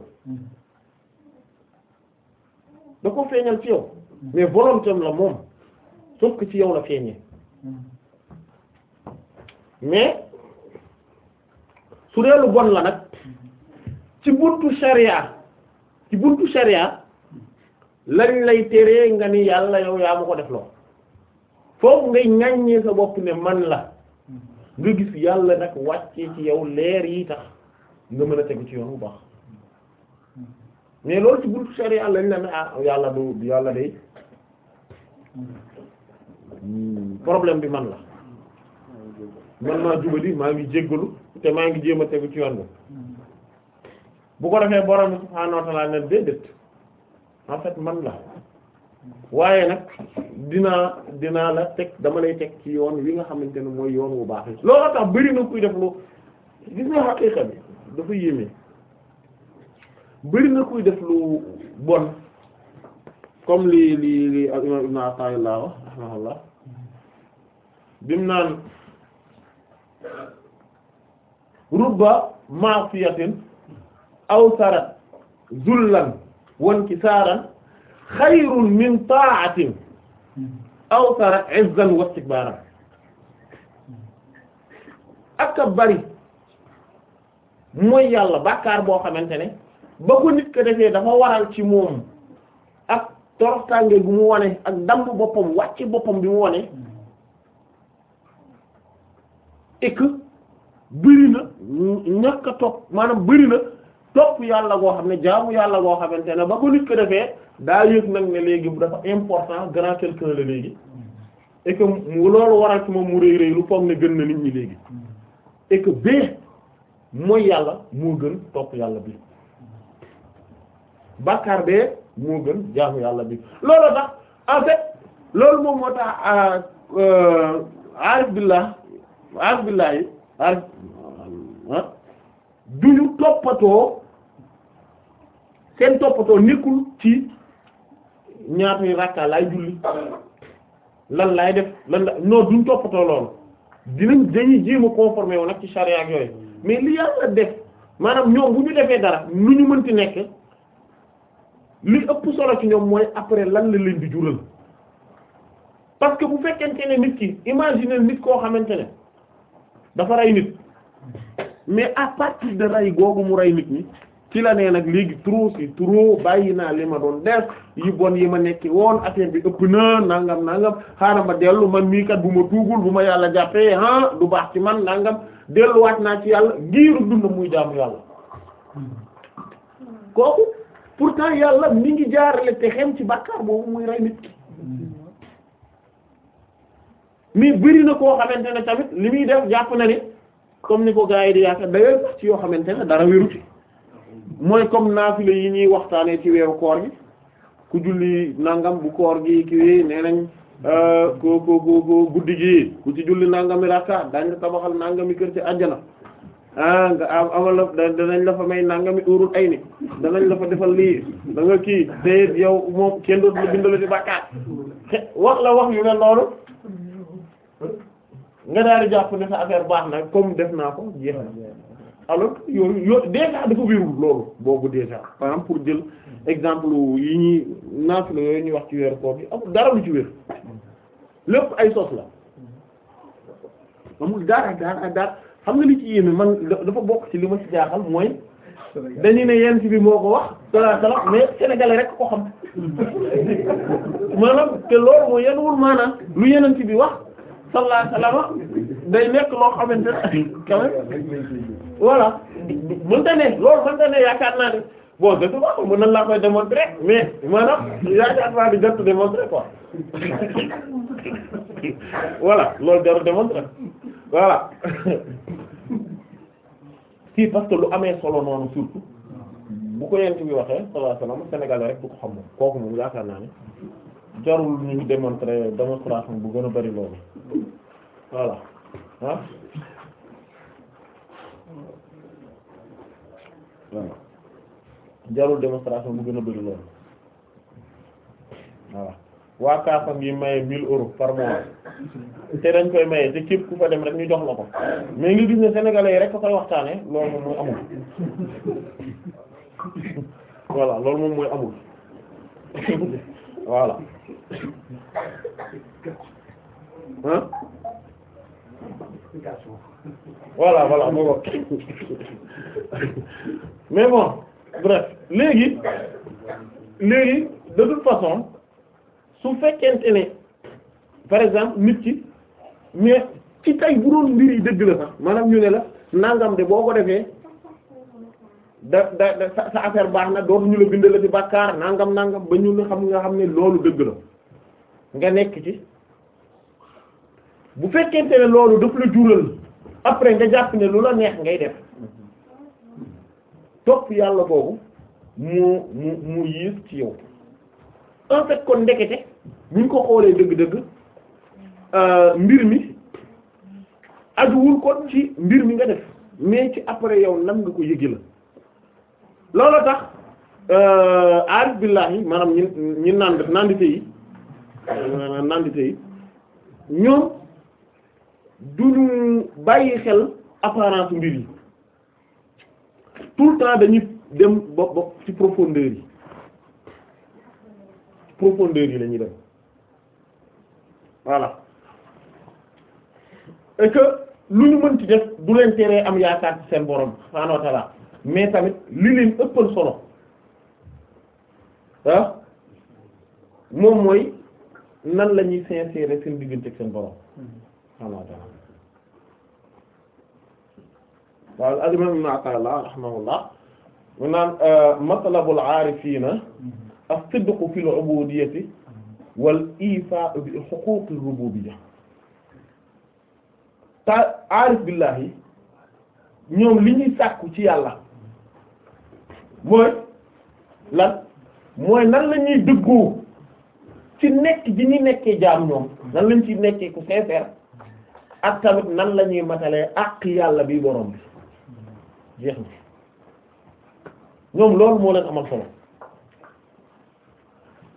daf koo feeñal ci yow mais volontéem la moom sauf que ci yow la feeñee hmm. mais su dee lu bon la nag ci buntu sharia ci buntu sharia lañ lay teree nga ni yàlla yow yaa ma ko def loo foofu ngay ñaññee sa bopp ne man la nga gis yàlla nag wàccee ci yow leer yi tax nga mën a tegu ci yoon bu baax mais loolu ci buntu sharia lañ la ne ah yàlla du yàlla day problème bi man la mën naa jubali maa ngi jéggalu te maa ngi jéem a tegu ci yoon bi bu ko defee borom subhaanahu wa ta'aala ne déedéet en fait man la waaye nag dinaa dinaa la teg dama lay teg ci yoon wi nga xamante ne mooy yoon wu baax yi loolu tax bëri na kuy def lu gis nga xaqiiqa bi dafa yéeme bëri na kuy def lu bon comme li li li al imaam ibn Ataa'illah rahimahullah bim naan rubba ma'siyatin aw sarat zullan wan kisaaran xayrun min ta'atin aw sarat izzan wa istikbaaran ak a bari mooy yàlla bàkkaar boo xamante ne ba ko nit ko defee dafa waral ci moom ak toroxtaange gu mu wone ak damb boppam wàcc boppam bi mu wone et que bëri na ñàkk topp maanaam bëri na topp yàlla goo xam ne jaamu yàlla goo xamante ne ba ko nit ko defee daa yëg nag ne léegi dafa important grand quelqu'un la léegi et que loolu waral ci moom mu rëy rëy lu foog ne gën na nit ñi léegi et bee mooy yàlla moo gën topp yàlla bi bàkkaar bee moo gën jaamu yàlla bi loolu tax en fait loolu moom moo tax aarif euh, aas billaahi aas duñu toppatoo seen toppatoo nekkul ci ñaata rakka laay julli lan laay def lan la non ñu toppatoo loolu dinañ dañuy jéem a conformé wu nag ci charia ak yooyu mais li yàlla def maanaam ñoom bu ñu defee dara lu ñu mënti nekk li ëpp solo ci ñoom mooy après lan la leen di jural parce que bu fekkente ne nit ki imaginer nit koo xamante ne. dafa rey nit mais à partir de rey googu mu rey nit ñi ci la nee nag léegi trop si trop bàyyi naa li ma doon def yi bon yi ma nekki woon affaire bi ëpp na nangam nangam xaaral ma dellu man mii kat bu ma tuugul bu ma yàlla jàppee ah du baax ci man nangam delluwaat naa ci yàlla giiru dund muy jaamu yàlla hmm. kooku pourtant yàlla mi ngi jaarale te xem ci bàkkaar boobu muy rey nit ki hmm. mais bëri na koo xamante ne tamit li muy def jàpp na ni comme ni ko gars yi di yaakaar d'ailleurs ci yoo xamante ne dara wéru ci mooy comme naafila yi ñuy waxtaanee ci weeru koor gi ku julli nangam bu koor gi kii nee nañ ko ko ko guddi gi ku ci julli nangami dañ daañu tabaxal nangami kër ci àjjana ah nga amal la danañ la fa may nangami urul ay ni danañ la fa defal lii danga kii te yow moom kenn dootu la bindal ci bàkkaar wax la wax nga daal di jàpp ne sa affaire baax na comme def naa ko jeex na alors yooyu yo déjà dafa wérul loolu boobu déjà par exemple pour jël exemple yi ñuy naafila yooyu ñuy wax ci weeru koor yi amul dara lu ci wér lépp ay sos la amul ak dara dara xam nga li ci yéeme man dafa bokk ci li ma ci jaaxal mooy dañu ne yent bi moo ko wax sala sala mais sénégalais rek ko xam maanaam kenn loolu mooy yenwul maanaam lu yenent bi wax sallallahu alayhi wa sallam day nekk loo xamante ne quand même voilà mënta ne loolu mënta ne yaakaar naa ne bon de souvent mën nañ laa koy démontrer mais maanaam yaakaar naa ne jot démontrer quoi loolu jarul démontrer voilà si parce que lu amee solo noonu surtout bu ko yent bi waxee sallallahu alayhi wa sallam Sénégalais rek du ko xam moom kooku moom yaakaar naa ne jarul ñu démontrer démonstration bu gën a bari loolu voilà ah voilà jarul démonstration bu gën a bari loolu voilà waa kaasam yi maye 1000 euros par mois te dañ koy maye te képp ku fa dem rek ñu jox la ko mais nga gis ne sénégalais yi rek ko koy waxtaane loolu moom mooy amul voilà loolu moom mooy amul voilà ah voilà voilà moo bokk mais bon bref léegi léegi de toute façon su fekkente ne par exemple nit ki mais ci tay bu doon mbir dëgg la sax maanaam ñu ne la nangam de boo ko defee da da sa affaire baax na dootuñu la bindal la ci bàkkaar nangam nangam ba ñu xam nga xam ne loolu dëgg la nga nekk ci bu fekkente ne loolu daf la jural après nga jàpp ne lu la neex ngay def topp yàlla boobu mu mu mu yiis ci yow en fait kon ndekete buñ ko xoolee dëgg-dëgg euh, mbir mi ajuwul kon ci mbir mi nga def mais ci après yow nan nga ko yëgi la loolu tax euh, aarif billahi maanaam ñi ñi naan nandite yi nandite euh, yi ñoom duñu bàyyi xel apparence mbir yi tout le temps dañuy dem bopp bopp ci profondeur yi profondeur yi la dem voilà et que lu ñu mën ci def du leen teree am yaakaar ci seen borom subhaanahu mais tamit li leen ëppal solo ah moom mooy nan la ñuy sincère seen diggante ak seen borom subhaanahu wa ta'aala waaw al-imam mu naan euh, matlabul aarifiina as-sidqu fil ubuudiyyati wal iifaa'u bi huquuqir rububiyya ta aarif ñoom li ñuy sàkku ci yàlla mooy lan mooy nan la ñuy ci nekk bi ñu nekkee jaam ñoom nan lañ ci nekkee ku sincère ak tamit nan la ñuy matalee àq yàlla bi borom bi ñoom loolu moo leen amal solo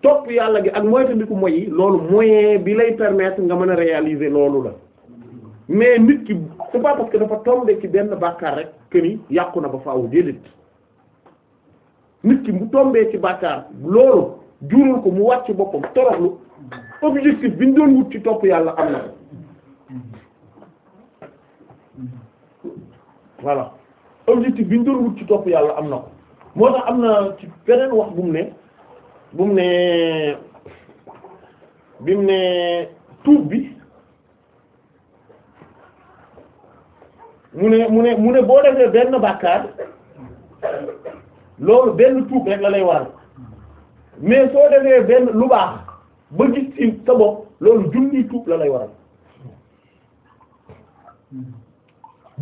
topp yàlla gi ak moytandiku moy yi loolu moyen bi lay permettre nga mën a réaliser loolu la mais nit ki c'est pas parce que dafa tombé ci benn bàkkaar rek que yàqu na ba faaw déedéet nit ki mu tombé ci bàkkaar loolu jural ko mu wàcc boppam toroxlu objectif bi ñu doon wut ci top yàlla am na ko voilà objectif bi doon wut ci top yàlla am na ko am na ci beneen wax bu mu ne bu mu ne bi mu ne tuub bi mu ne mu ne mu ne boo defee benn bàkkaar loolu benn tuub rek la lay waral mais soo defee benn lu baax ba gis ci sa bopp loolu junni tuub la lay waral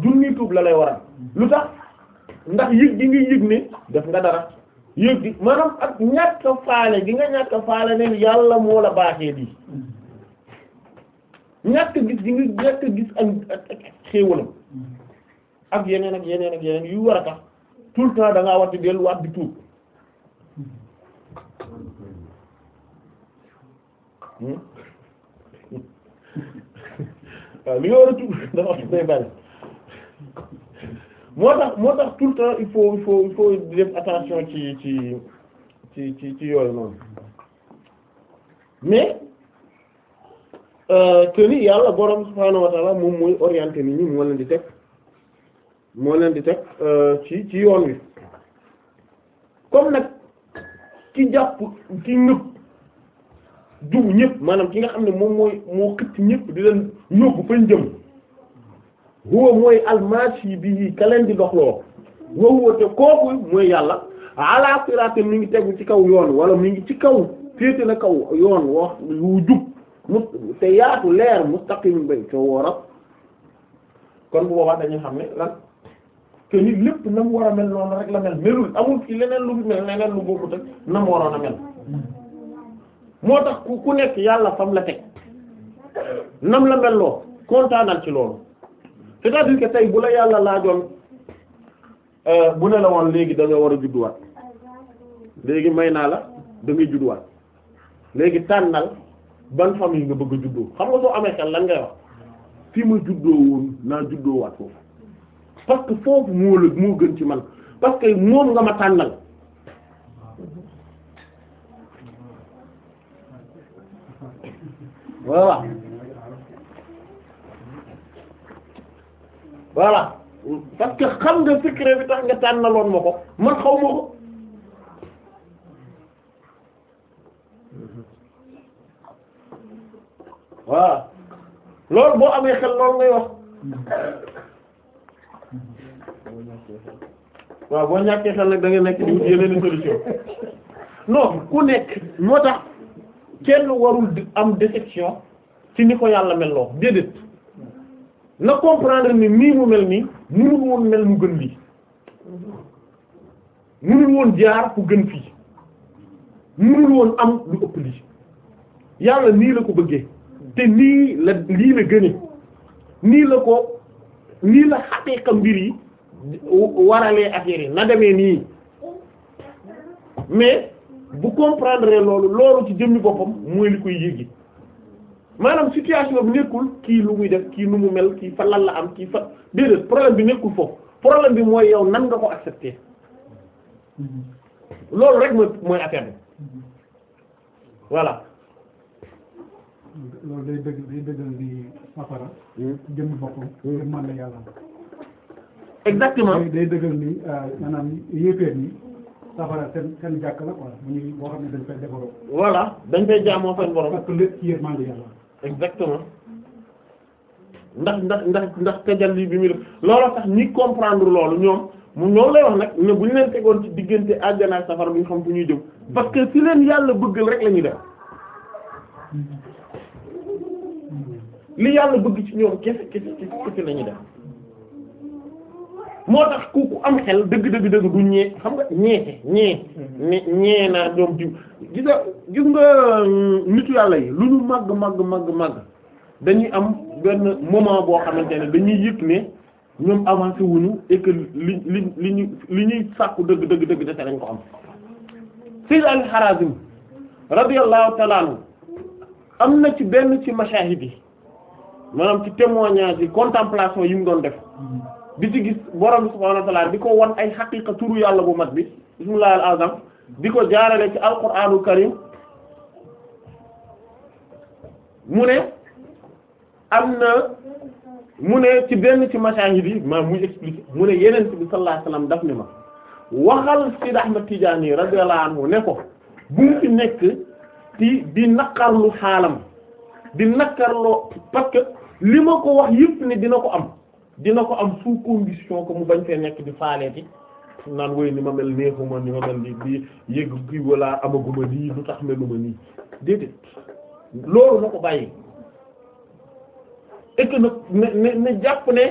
junni tuub la lay waral lu tax ndax yëg gi nga yëg ne def nga dara yëg gi maanaam ak ñàkk faale gi nga ñàkk faale ne yàlla moo la baaxee lii ñàkk gis gi nga ñàkk gis ak ak xéewalam ak yeneen ak yeneen ak yeneen yu war a tax tout le temps da ngaa war di delluwaat di tuub waaw hmm? ah, li moo tax moo tax tout le temps il faut il faut il faut def attention ci ci ci ci ci yooyu noonu mais euh, que ni yàlla borom subhaanahu wa taala moom mooy orienté nit ñi moo leen di teg moo leen di teg euh, ci ci yoon wi comme nag ki jàpp ki nëb duw ñëpp maanaam ki nga xam ne moom mooy moo xëcc ñëpp di leen yóbbu fañ jëm huwa mooy almasi bi ka leen di doxloo wa huwa te kooku mooy yàlla ala siraatin mi ngi tegu ci kaw yoon wala mu ngi ci kaw féete na kaw yoon woo wu jub mu te yaatu leer mustaqim bay soo wooram kon bu boobaa dañuy xam ne lan te nit lépp na mu war a mel noonu rek la mel melul amul ci leneen lu mel leneen lu bokkut ak na mu waroon a mel moo tax ku ku nekk yàlla fam la teg nam la loo kontaanal ci loolu cest à tey bu la yàlla laajoon euh, bu ne la woon léegi da nga war a judduwaat léegi may naa la dangay ngay judduwaat léegi tànnal ban famille nga bëgg a juddoo xam nga soo amee xel lan ngay wax fi ma juddoo woon naa juddoowaat foofu parce que foofu moo la moo gën ci man parce que moom nga ma tànnal voilà voilà parce xam nga secret bi tax nga tànnaloon ma ko man xaw ma ko voilà loolu boo amee xel loolu ngay wax waaw boo ñàkkee xel nag da nekk di wut yeneen solution non ku nekk moo tax. kenn warul am déception ci ni ko yàlla meloo loo déedéet na comprendre ni nii mu mel nii mënul woon mel mu gën lii mënul woon jaar fu gën fii mënul woon am lu ëpp lii yàlla nii la ko bëggee te nii la lii la gëne nii la ko nii la xaqiqa mbir yi waralee affaire na demee nii mais bu comprendre loolu loolu ci jëmmi boppam mooy li koy yëgi maanaam situation bi nekkul kii lu muy def kii nu mu mel kii fa lan la am kii fa déedéet problème bi nekkul foofu problème bi mooy yow nan nga ko accepter loolu rek mooy mooy affaire bi voilà. loolu day dëgg day dëggal di safara. Hmm. jëmmi boppam. Hmm. jëmmal la yàlla. exactement day dëggal ni euh, maanaam yéefeer ni safara seen seen jàkk la quoi bu ñuy boo xam ne dañ fay defaroo. voilà dañ jaamoo seen borom. exactement ndax ndax ndax ndax tajal lii bi muy def looloo tax ñi comprendre loolu ñoom mu ñoom lay wax nag ne bu ñu leen tegoon ci diggante àjjana ak safara bu ñu xam ñuy jëw mm-hmm. parce que si leen yàlla bëggal rek la ñuy def mm-hmm. Mm-hmm. li yàlla bëgg ci ñoom kese kese kese la ñuy def. moo tax ku ku am xel dëgg dëgg dëgg du ñee xam nga ñeete ñee mhm. ñee naa ñoom ji gis nga gis nga mm, nitu yàlla yi lu ñu màgg màgg màgg mag dañuy am benn moment boo xamante ne dañuy yëg ne ñoom avancé wuñu et que li li li ñuy sàkku dëgg dëgg dëgg dese lañ ko am Sayyid al-Harazim radiyallahu am na ci benn ci mashahid yi maanaam ci témoignage yi contemplation yi mu doon def mhm. di ci gis borom subhaanahu wa ta'aala di ko wan ay xaqiiqa turu yàlla bu mag bi bismillahil azam di ko jaarale ci alquraanul karim mu ne am na mu ne ci benn ci mashaahid yi maa muy expliqué mu ne yeneen bi sallallahu alayhi wasallam daf ne ma waxal Sidi Ahmad Tijaani radiyallahu anhu ne ko bu mu fi nekk ci di naqarlu xaalam di naqarloo parce li ma ko wax yëpp ne dina ko am. dina ko am sous condition que mu bañ fee nekk di faaleeti naan woy ni ma mel neexuma ni ma mel ni di yëg kii walla amaguma nii lu tax meluma nii déedéet loolu na ko bàyyi et que ne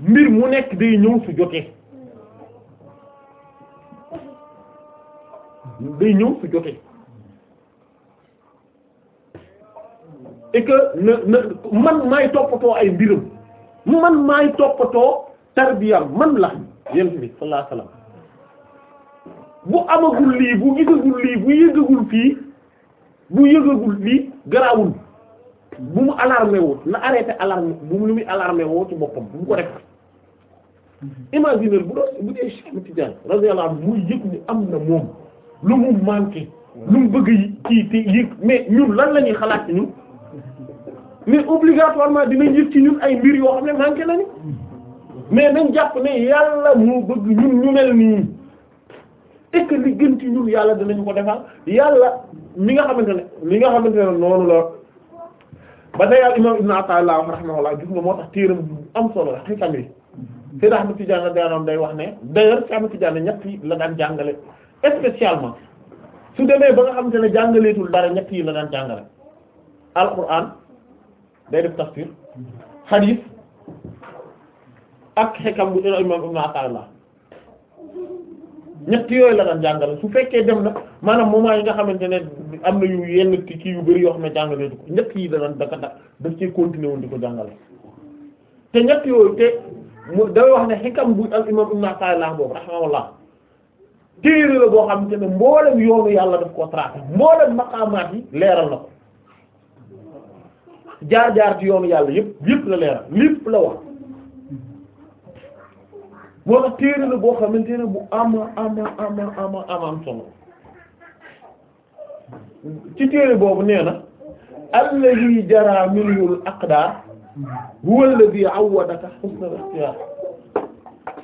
mbir mu nekk day ñëw su jotee day ñëw su jotee et que na na man may toppatoo ay mbiram man maay toppatoo tarbiyam man la yent bi sallallahu alayhi wasallam bu amagul lii bu gisagul lii bu yëgagul fii bu yëgagul lii garaawul bu mu alarmé woo na arrêté alarme lu muy alarmé woo ci boppam bu mu ko rek imaginer bu doon bu dee Cheikh Tidiane radiyallahu anhu muy yëg ni am na moom lu mu manqué lu mu bëgg yi yëg mais ñun lan lañuy xalaat ci ñun mais obligatoirement dinañ yëg ci ñun ay mbir yoo xam ne manqué nañu mais nañ jàpp ne yàlla moo bëgg ñun ñu mel nii et que li gën ci ñun yàlla dinañu ko defal yàlla mi nga xamante ne li nga xamante ne noonu la ba tey al imam Ibn Ata'illah rahimahullah gis nga moo tax téeram am solo la xikam yi Seydou Ahmed Tidiane daanoon day wax ne d'ailleurs si Ahmed Tidiane ñett yi la daan jàngale spécialement su demee ba nga xamante ne jàngaleetul dara ñett yi la day def tafsir hadith ak xekam bu ina imam ibn Ata'illah ñett yooyu la daan jàngale su fekkee dem na maanaam moment yi nga xamante ne am na yu yenn kii yu bari yoo xam ne jàngale du ko ñett yi da daan daka da daf ci continuer woon ko jàngale te ñett yooyu te mu day wax ne xekam bu al imam ibn Ata'illah boobu rahimahullah téere la boo xamante ne mboolem yoonu yàlla daf ko tracé mboolem maqaamaat yi leeral na ko jar jaar ci yoonu yàlla yëpp yëpp la leeral lépp la wax boo tax téere la boo xamante ne bu ama ama ama ama ama am solo ci téere boobu nee na alladhi jara minhul aqdar huwa alladhi awwadaka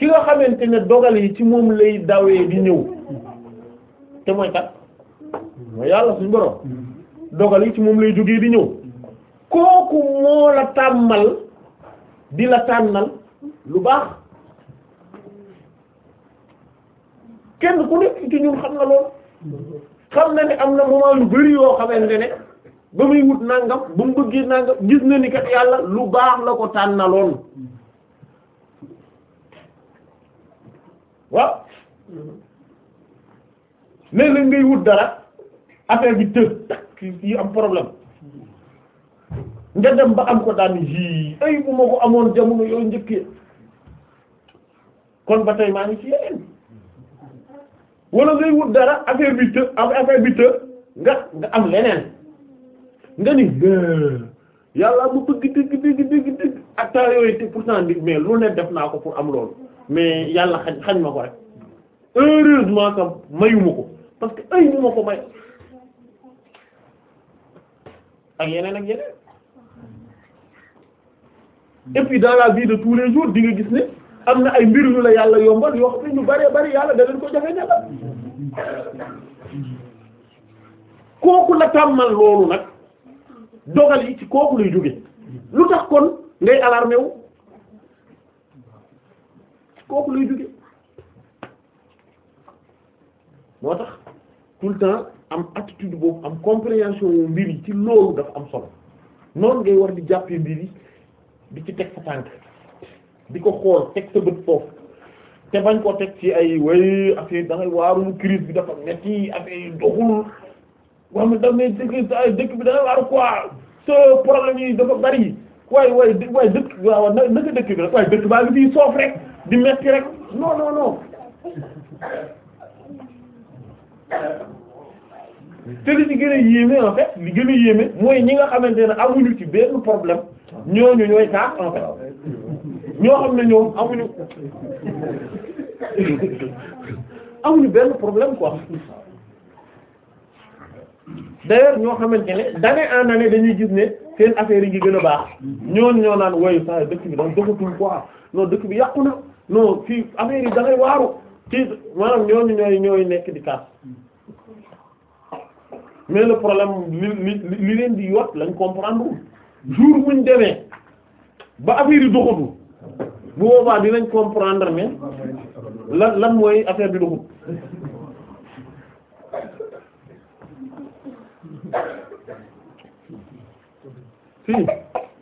nga xamante ne dogal yi ci moom lay dawee di ñëw te mooy kat mooy yàlla suñu borom mm-hmm. dogal yi ci moom lay jógee di ñëw kooku moo la tàmmal di la tànnal lu baax kenn ku nekk ci ñun xam na lool xam na ne am na moment yu bari yoo xamante ne ba muy wut nangam ba mu bëggee nangam gis na ni kat yàlla lu baax la ko tànnaloon waaw léeg-léeg ngay wut dara affaire bi tëb tak yi am problème nga dem ba am ko daan ji ay bu ma ko amoon jamono yooyu njëkkee kon ba tey maa ngi ci yeneen wala ngay wut dara affaire bi të affaire bi të nga nga am leneen nga ni yàlla mu bëgg dëgg dëgg dëgg dëgg ak temps yooyu te pourtant nit mais lu ne def naa ko pour am loolu mais yàlla xañ xañ ma ko rek heureusement que mayuma ko parce que ay bu ma ko may ak yeneen ak yeneen et puis bii de tous les jours di nga gis ne am na ay mbir yu la yàlla yombal yoo xam ne ñu bëree bëri yàlla da leen ko jafe ñala kooku la tàmmal loolu nag dogal yi ci kooku lay jóge lu tax kon ngay alarmé wu ci kooku lay jóge moo tax tout le temps am attitude boobu am compréhension mbir yi ci loolu dafa am solo noonu ngay war di jàppee mbir yi di ci teg sa tànk di ko xool teg sa bët foofu te bañ koo teg ci ay way affaire da ngay waaru bi dafa metti affaire doxul waa ma daf ne dëkk bi da ngay ko quoi ce problème yi dafa bari waaye waaye waaye dëkk waaw na naka dëkk bi rek waaye dëkk baa ngi rek di metti rek non non non te li ci gën a yéeme en fait li a yéeme mooy ñi nga xamante ne amuñu ci benn problème ñooñu ñooy sax ñoo xam ne ñoom amuñu amuñu benn problème quoi d'ailleurs ñoo xamante ne d'année en année dañuy gis ne seen affaire yi ngi gën a baax ñooñu ñoo naan woyu saa dëkk bi dañ doxatul quoi non dëkk bi yàqu na non fii affaire yi da ngay waaru ci maanaam ñooñu ñooy nekk di kaas mais le problème li li leen di yot lañ comprendre jour buñ demee ba affaire yi bu boobaa dinañ comprendre ne lan lan mooy affaire bi doxut si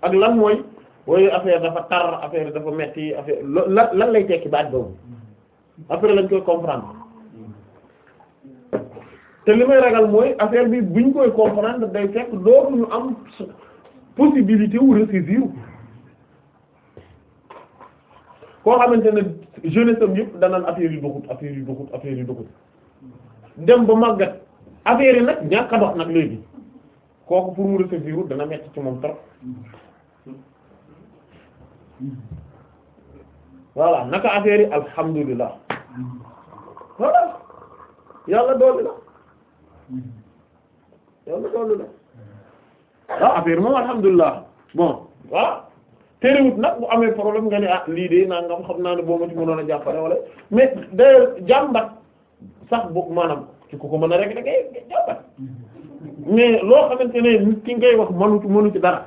ak lan mooy ooy affaire dafa tar affaire dafa metti affaire lan lay tekki baat boobu après lañ koy comprendre te li may ragal mooy affaire bi buñ koy comprendre day fekk dootuñu am possibilité wu ressaisir koo xamante ne jeunesse am yëpp danaan affaire yu doxut affaire yu doxut affaire yu doxut dem ba màggat affaire yi nag ñàkk nag léegi kooku pour mu ressaisir wu dana metti ci moom trop voilà naka affaire yi alhamdulilah voilà yàlla doolu yàlla doolu ah affaire moom alhamdulilah bon voilà ah, terewut nag bu amee problème nga ne ah lii de naa nga xam naa ne boo ma ci mënoon a jàppale wala mais d'ailleurs jàmbat sax boobu maanaam ci ku ko mën a rek da ngay jàmbat mais loo xamante ne nit ki ngay wax mënu mënu ci dara.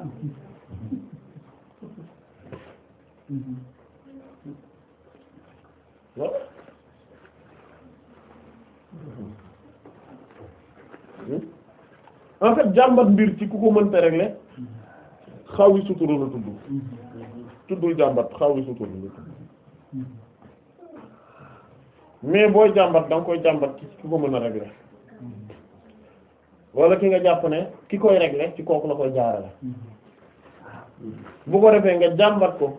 en jàmbat mbir ci ku ko mënta régler xaw yi sutura la tudd tuddul jàmbat xaw yi la tudd mais booy jàmbat da koy jàmbat ci ku ki nga jàpp ne ki koy regle ci kook la koy jaarale bu ko defee nga jàmbat ko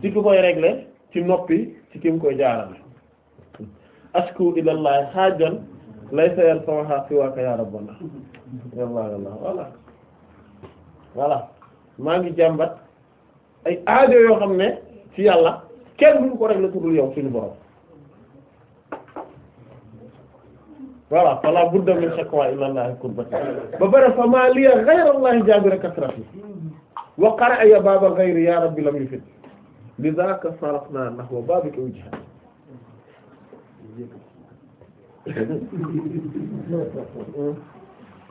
ci ki koy régler ci noppi ci ki mu koy jaarale asku ilallahi xaajan lay sayal sawaha siwaaka ya rabbana yàlla voilà voilà maa ngi jàmbat ay aajo yoo xam ne ci kenn duñ ko rek la tuddul yow suñu borom voilà fala budda min shakwa ila allah kurbati ba bara fa ma liya ghayra allah jabira ya baba ghayri ya rabbi lam yufid lidhaka sarafna nahwa babika wajha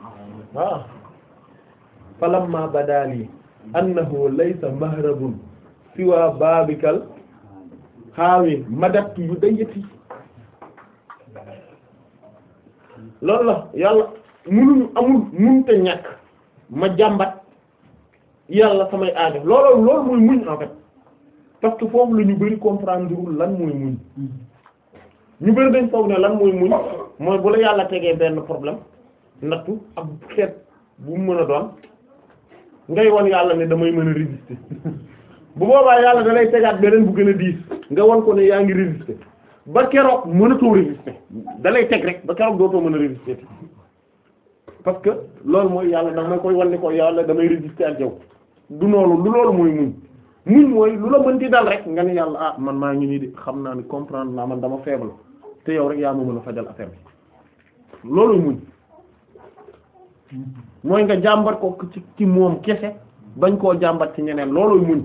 waaw ah. falamma badali annahu laysa mahrabun siwa babikal xaawi madat yu dayati loolu la yàlla munuñu amul munte ñàkk ma jàmbat yàlla samay aajo looloo loolu mooy muñ en fait parce que foofu la bari comprendrewul lan mooy muñ mm-hmm. ñu bari dañ foog ne lan mooy muñ mooy bu yàlla tegee benn problème nattu ak xeet bu mu mën a doon ngay wan yàlla ne damay mën a résister bu boobaa yàlla dalay lay tegaat beneen bu gën a diis nga wan ko ne yaa ngi résister ba keroog mënatoo résister da teg rek ba keroog dootoo mën a résister parce que loolu mooy yàlla da ma koy wan ne ko yàlla damay résister ak yow du noonu lu loolu mooy muñ muñ mooy lu la mënti dal rek nga ne yàlla ah man maa ngi nii de xam naa ni comprendre naa man dama faible te yow rek yaa ma mën a mooy nga jàmbat ko ci ci moom kese bañ koo jàmbat ci ñeneen loolu muñ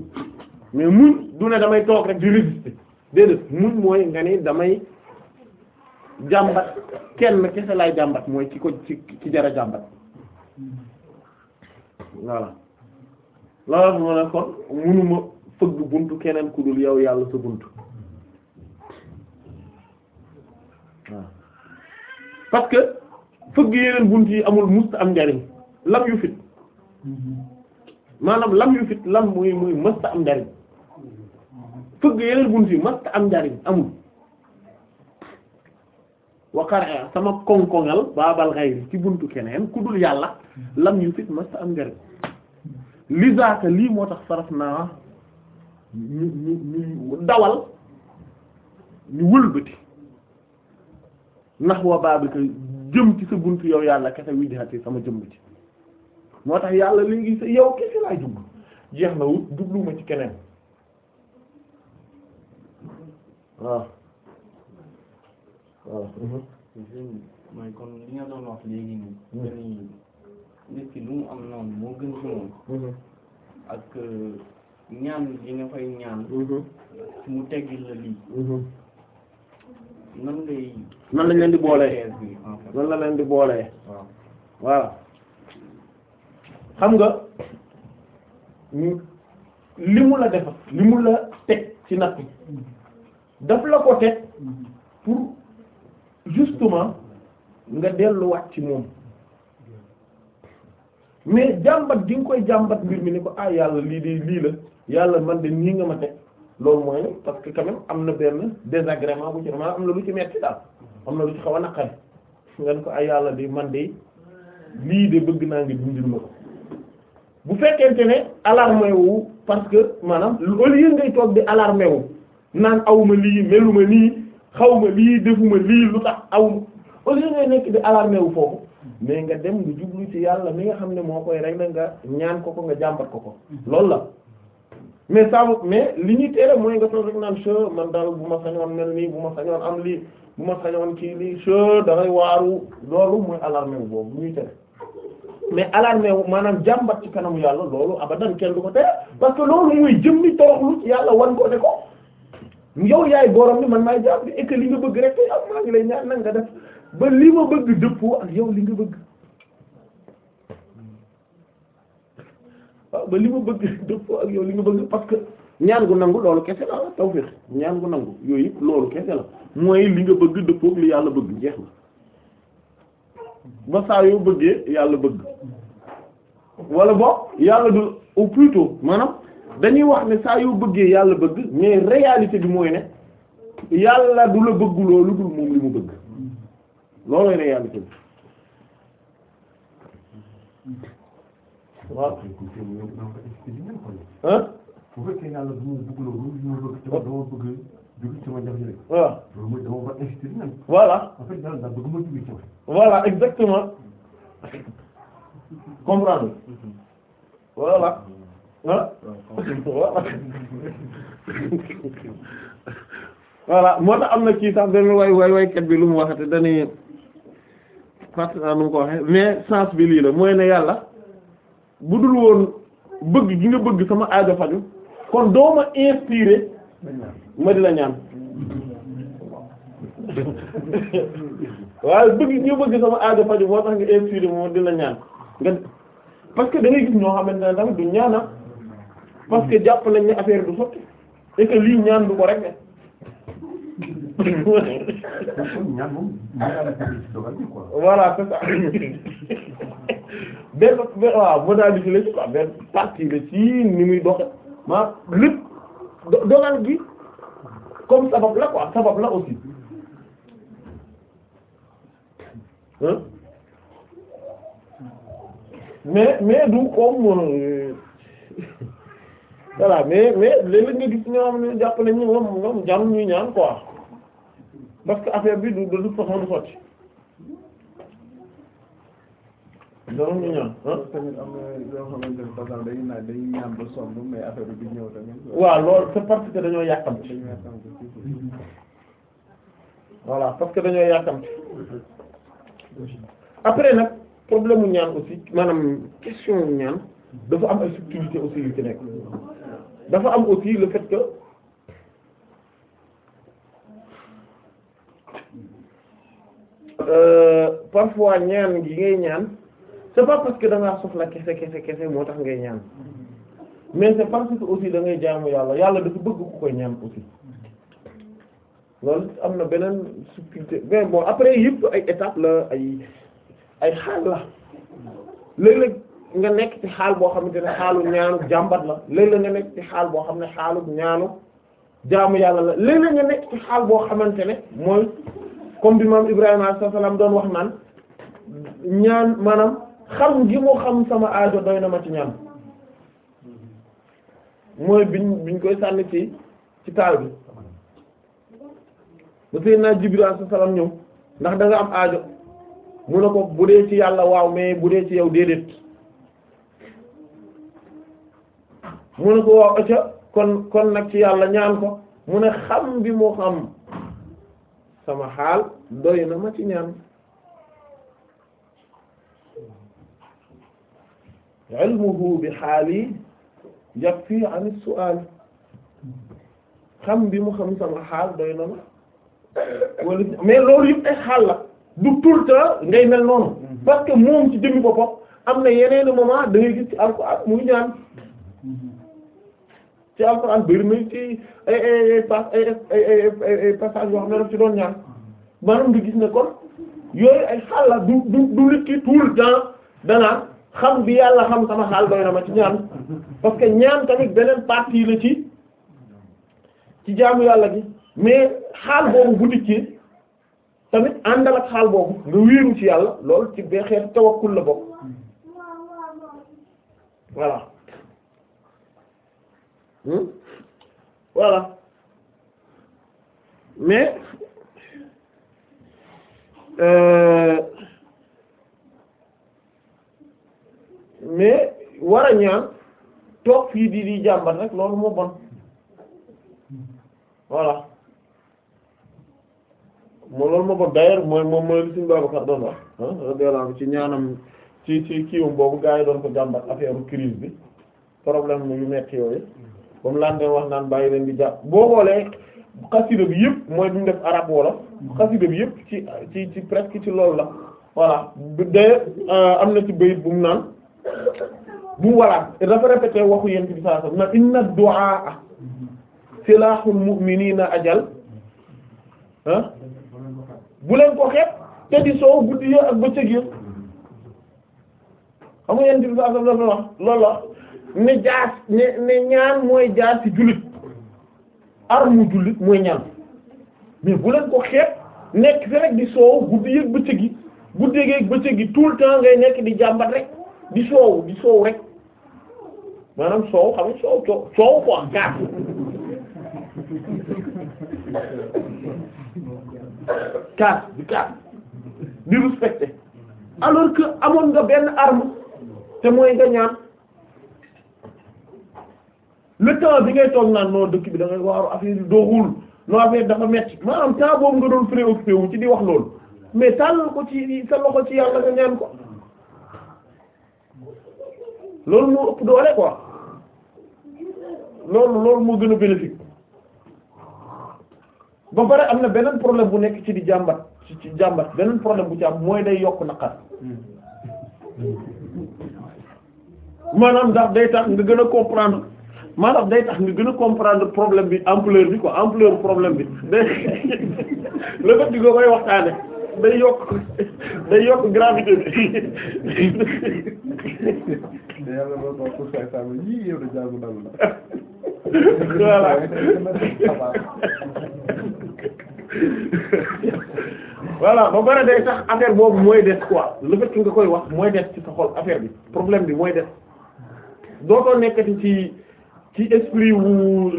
mais muñ du ne damay toog rek di résister déedéet muñ mooy nga ni damay jàmbat kenn kese laay jàmbat mooy ki ko ci ci jara jàmbat voilà loolu moo ne kon munuma fëgg buntu keneen ku dul yow yàlla sa buntu waaw parce fëgg yeneen bunt yi amul musta am njariñ lam yu fit maanaam lam yu fit lam muy muy musta am njariñ fëgg yeneen bunt yi musta am njariñ amul waqara sama konkongal baabal xayri ci buntu keneen ku dul yàlla lam yu fit musta am njariñ li lii moo tax saraf naa ñu ñu ñu dawal ñu wëlbati nax wa baabika jëm ci sa buntu yow yàlla kese wijjati sama jëmm ci moo tax yàlla léegi sa yow kese laa jublu jeex na wut dubluma ci keneen waaw waaw mhm. mooy kon li nga doon wax léegi nii hmm. dañuy nit ki mu am noonu moo gën ci mhm. ak euh, ñaan yi nga koy ñaan mhm. mu teggil la lii nan la nan lañ leen di boolee nan la leen di boolee voilà xam nga li mu la def li mu la teg ci natt daf la ko teg pour justement nga delluwaat ci moom mais jàmbat gi nga koy jàmbat mbir mi ni ko ah yàlla lii de lii la yàlla man de nii nga ma teg loolu mooy parce que quand même am na benn désagrément bu ci maanaam am na lu ci metti daal am na lu ci xaw a naqari nga ne ko ay yàlla di man de lii de bëgg naa ngi dindil ma ko bu fekkente ne alarmé wu parce que maanaam au lieu ngay toog di alarmé wu naan awma lii meluma nii xawma lii defuma lii lu tax aw au lieu ngay nekk di alarmé wu foofu mais nga dem nga jublu ci yàlla mi nga xam ne moo koy rek la nga ñaan ko ko nga jàmbat ko ko mm-hmm. loolu la mais saa mais li ñuy tere mooy nga toog rek naan che man daal bu ma sañoon mel nii bu ma sañoon am lii bu ma sañoon kii lii che dangay waaru loolu mooy alarme wu boobu bu ñuy tere mais alarme wu maanaam jàmbat ci kanamu yàlla loolu abadan kenn du ko tere parce que loolu mooy jëmmi toroxlu ci yàlla wan ko ne ko yow yaay borom bi man maay jàpp et que li nga bëgg rek tey ah, am maa ngi lay ñaan nan nga def ba li ma bëgg dëppoo ak yow li nga bëgg ba li ma bëgg dëppoo ak yow li nga bëgg parce que ñaan gu nangu loolu kese la ah tawfiq ñaan gu nangu yooyu yëpp loolu kese la mooy li nga bëgg dëppoo li yàlla bëgg jeex na ba saa yoo bëggee yàlla bëgg wala bo yàlla du au plutôt maanaam dañuy wax ne saa yoo bëggee yàlla bëgg mais réalité bi mooy ne yàlla du la bëgg loolu dul moom li mu bëgg loolooy réalité bi waaw. ah. bu fekkee yàlla bu ma bëgg loolu dama bëgg dama bëgg dugg ci ma jafe-jafe. waaw loolu mooy dama bëgg insister nañ. voilà en fait daal daal bëgg ma dugg ci ma. voilà exactement comprendre voilà ah na kii sax benn way way bi lu mu la yàlla. bu dul woon bëgg gi nga bëgg sama aajo faju kon doo ma inspiré ma di la ñaan waaye bëgg gi nga bëgg sama aajo faju moo tax nga inspiré ma di la ñaan nga parce que da gis ñoo xamante ne tamit du ñaana parce que jàpp nañ ne affaire du sotti et lii ñaan du ko rek benn waaw modalité la mu quoi benn partie la ci ni muy doxe maa lépp dogal gi comme sabab la quoi sabab la aussi hein mais mais du comme euh, voilà mais mais léeg-léeg nga gis ñoo xam ne jàpp nañu moom moom jarul ñuy ñaan quoi parce que affaire bi du du soxla du sotti. danoon ñu ñaan tamit ñaan ba sonn mais affaire bi ñëw tamit. waaw loolu c'est parce que dañoo yàkkamti. dañoo parce que dañoo yàkkamti. après nag problème mu ñaan aussi maanaam question mu ñaan dafa am ay subtilité aussi yu ci nekk dafa am aussi le euh, parfois ñaan gi ngay ñaan. c'est pas parce que da ngaa soxla kese kese kese moo tax ngay ñaan mais c'est parce que aussi da ngay jaamu yàlla yàlla dafa bëgg ku koy ñaan aussi loolu am na beneen subtilité mais bon après yëpp ay étape la ay ay xaal la léeg-léeg nga nekk ci xaal boo xamante ne xaalu ñaanu jàmbat la léeg-léeg nga nekk ci xaal boo xam ne xaalu ñaanu jaamu yàlla la léeg-léeg nga nekk boo xamante ne mooy comme bi maam Ibrahima alayhi salaam doon wax naan ñaan maanaam. xam gi mu xam sama aajo doy na ma ci ñaan mooy biñ biñ koy sànni ci ci taal bi ba naa Jibril alayhi salaam ñëw ndax danga am aajo mu ne ko bu dee ci yàlla waaw mais bu dee ci yaw déedéet mu ne ko waaw acca kon kon nag ci yàlla ñaan ko mu ne xam bi mu xam sama xaal doy na ma ci ñaan ilmuhu bi xaali yakfi an su'aal xam bi mu xam sama xaal doy na ma wala mais loolu yëpp ay la du tout le temps ngay mel noonu parce que moom ci jëmmi boppam am na yeneen moment da ngay gis ci alxuraan muy ñaan ci alxuraan bari na ci ay ay ay ay passage yoo doon ñaan maanaam nga gis ne kon yooyu ay xaal du du du nit ki tout le temps danaa xam bi yàlla xam sama xaal doy na ma ci ñaan parce ñaan tamit beneen partie la ci ci jaamu yàlla gi mais xaal boobu bu dikkee tamit àndal ak xaal boobu nga wéeru ci yàlla loolu ci bee xeetu tawakkul la bokk voilà hmm? voilà mais. Euh, mais war a ñaan toog fii di di jàmbat nag loolu moo bon voilà moo loolu moo bon d'ailleurs mooy moom mooy li suñu Babacar doon wax ah, radiyallahu ci ñaanam ci ci kiiwam boobu gaa doon ko jàmbat affaire crise bi problème yu metti yooyu comme laan de wax naan bàyyi leen di jàpp boo xoolee xasida bi yëpp mooy duñ def arab wala xasida bi yëpp ci ci ci presque ci lool la voilà de euh, am na ci bayit bu mu naan bu walla dafa répété waxu yent bi sallallahu alayhi wasallam inna du'a silahul mu'minina ajal ah bu leen ko wax loolu la ne jaas ne ne ñaan mooy bu leen ko xeeb nekk fi rek di soow guddi yi ak bëccëg yi guddi yi bëccëg yi tout le temps ngay nekk di jàmbat rek di soow di soow rek maanaam soow xam nga soow soow soow ko am kaas di kaas di respecté que amoon nga benn arme te mooy nga ñaan le temps bi ngay toog naan noo dëkk bi da ngay waaru affaire yi doxul noo affaire dafa metti maanaam temps boobu nga doon préoccupé ci di wax loolu mais tàllal ko ci sa loxo ci yàlla nga ñaan ko loolu moo ëpp doole ko loolu loolu moo gën a bénéfique ba pare am na beneen problème bu nekk ci di jàmbat ci ci jàmbat beneen problème bu ci am mooy day yokk naqar maanaam ndax day tax nga gën a comprendre maanaam day tax nga gën a comprendre problème bi ampleur bi quoi ampleur problème bi day la ko di ko koy waxtaane day yokk day yokk gravité bi. yàlla ba pare day tax affaire boobu mooy des quoi le fait nga koy wax mooy des ci sa affaire bi problème bi mooy des dootoo nekkati ci ci esprit wu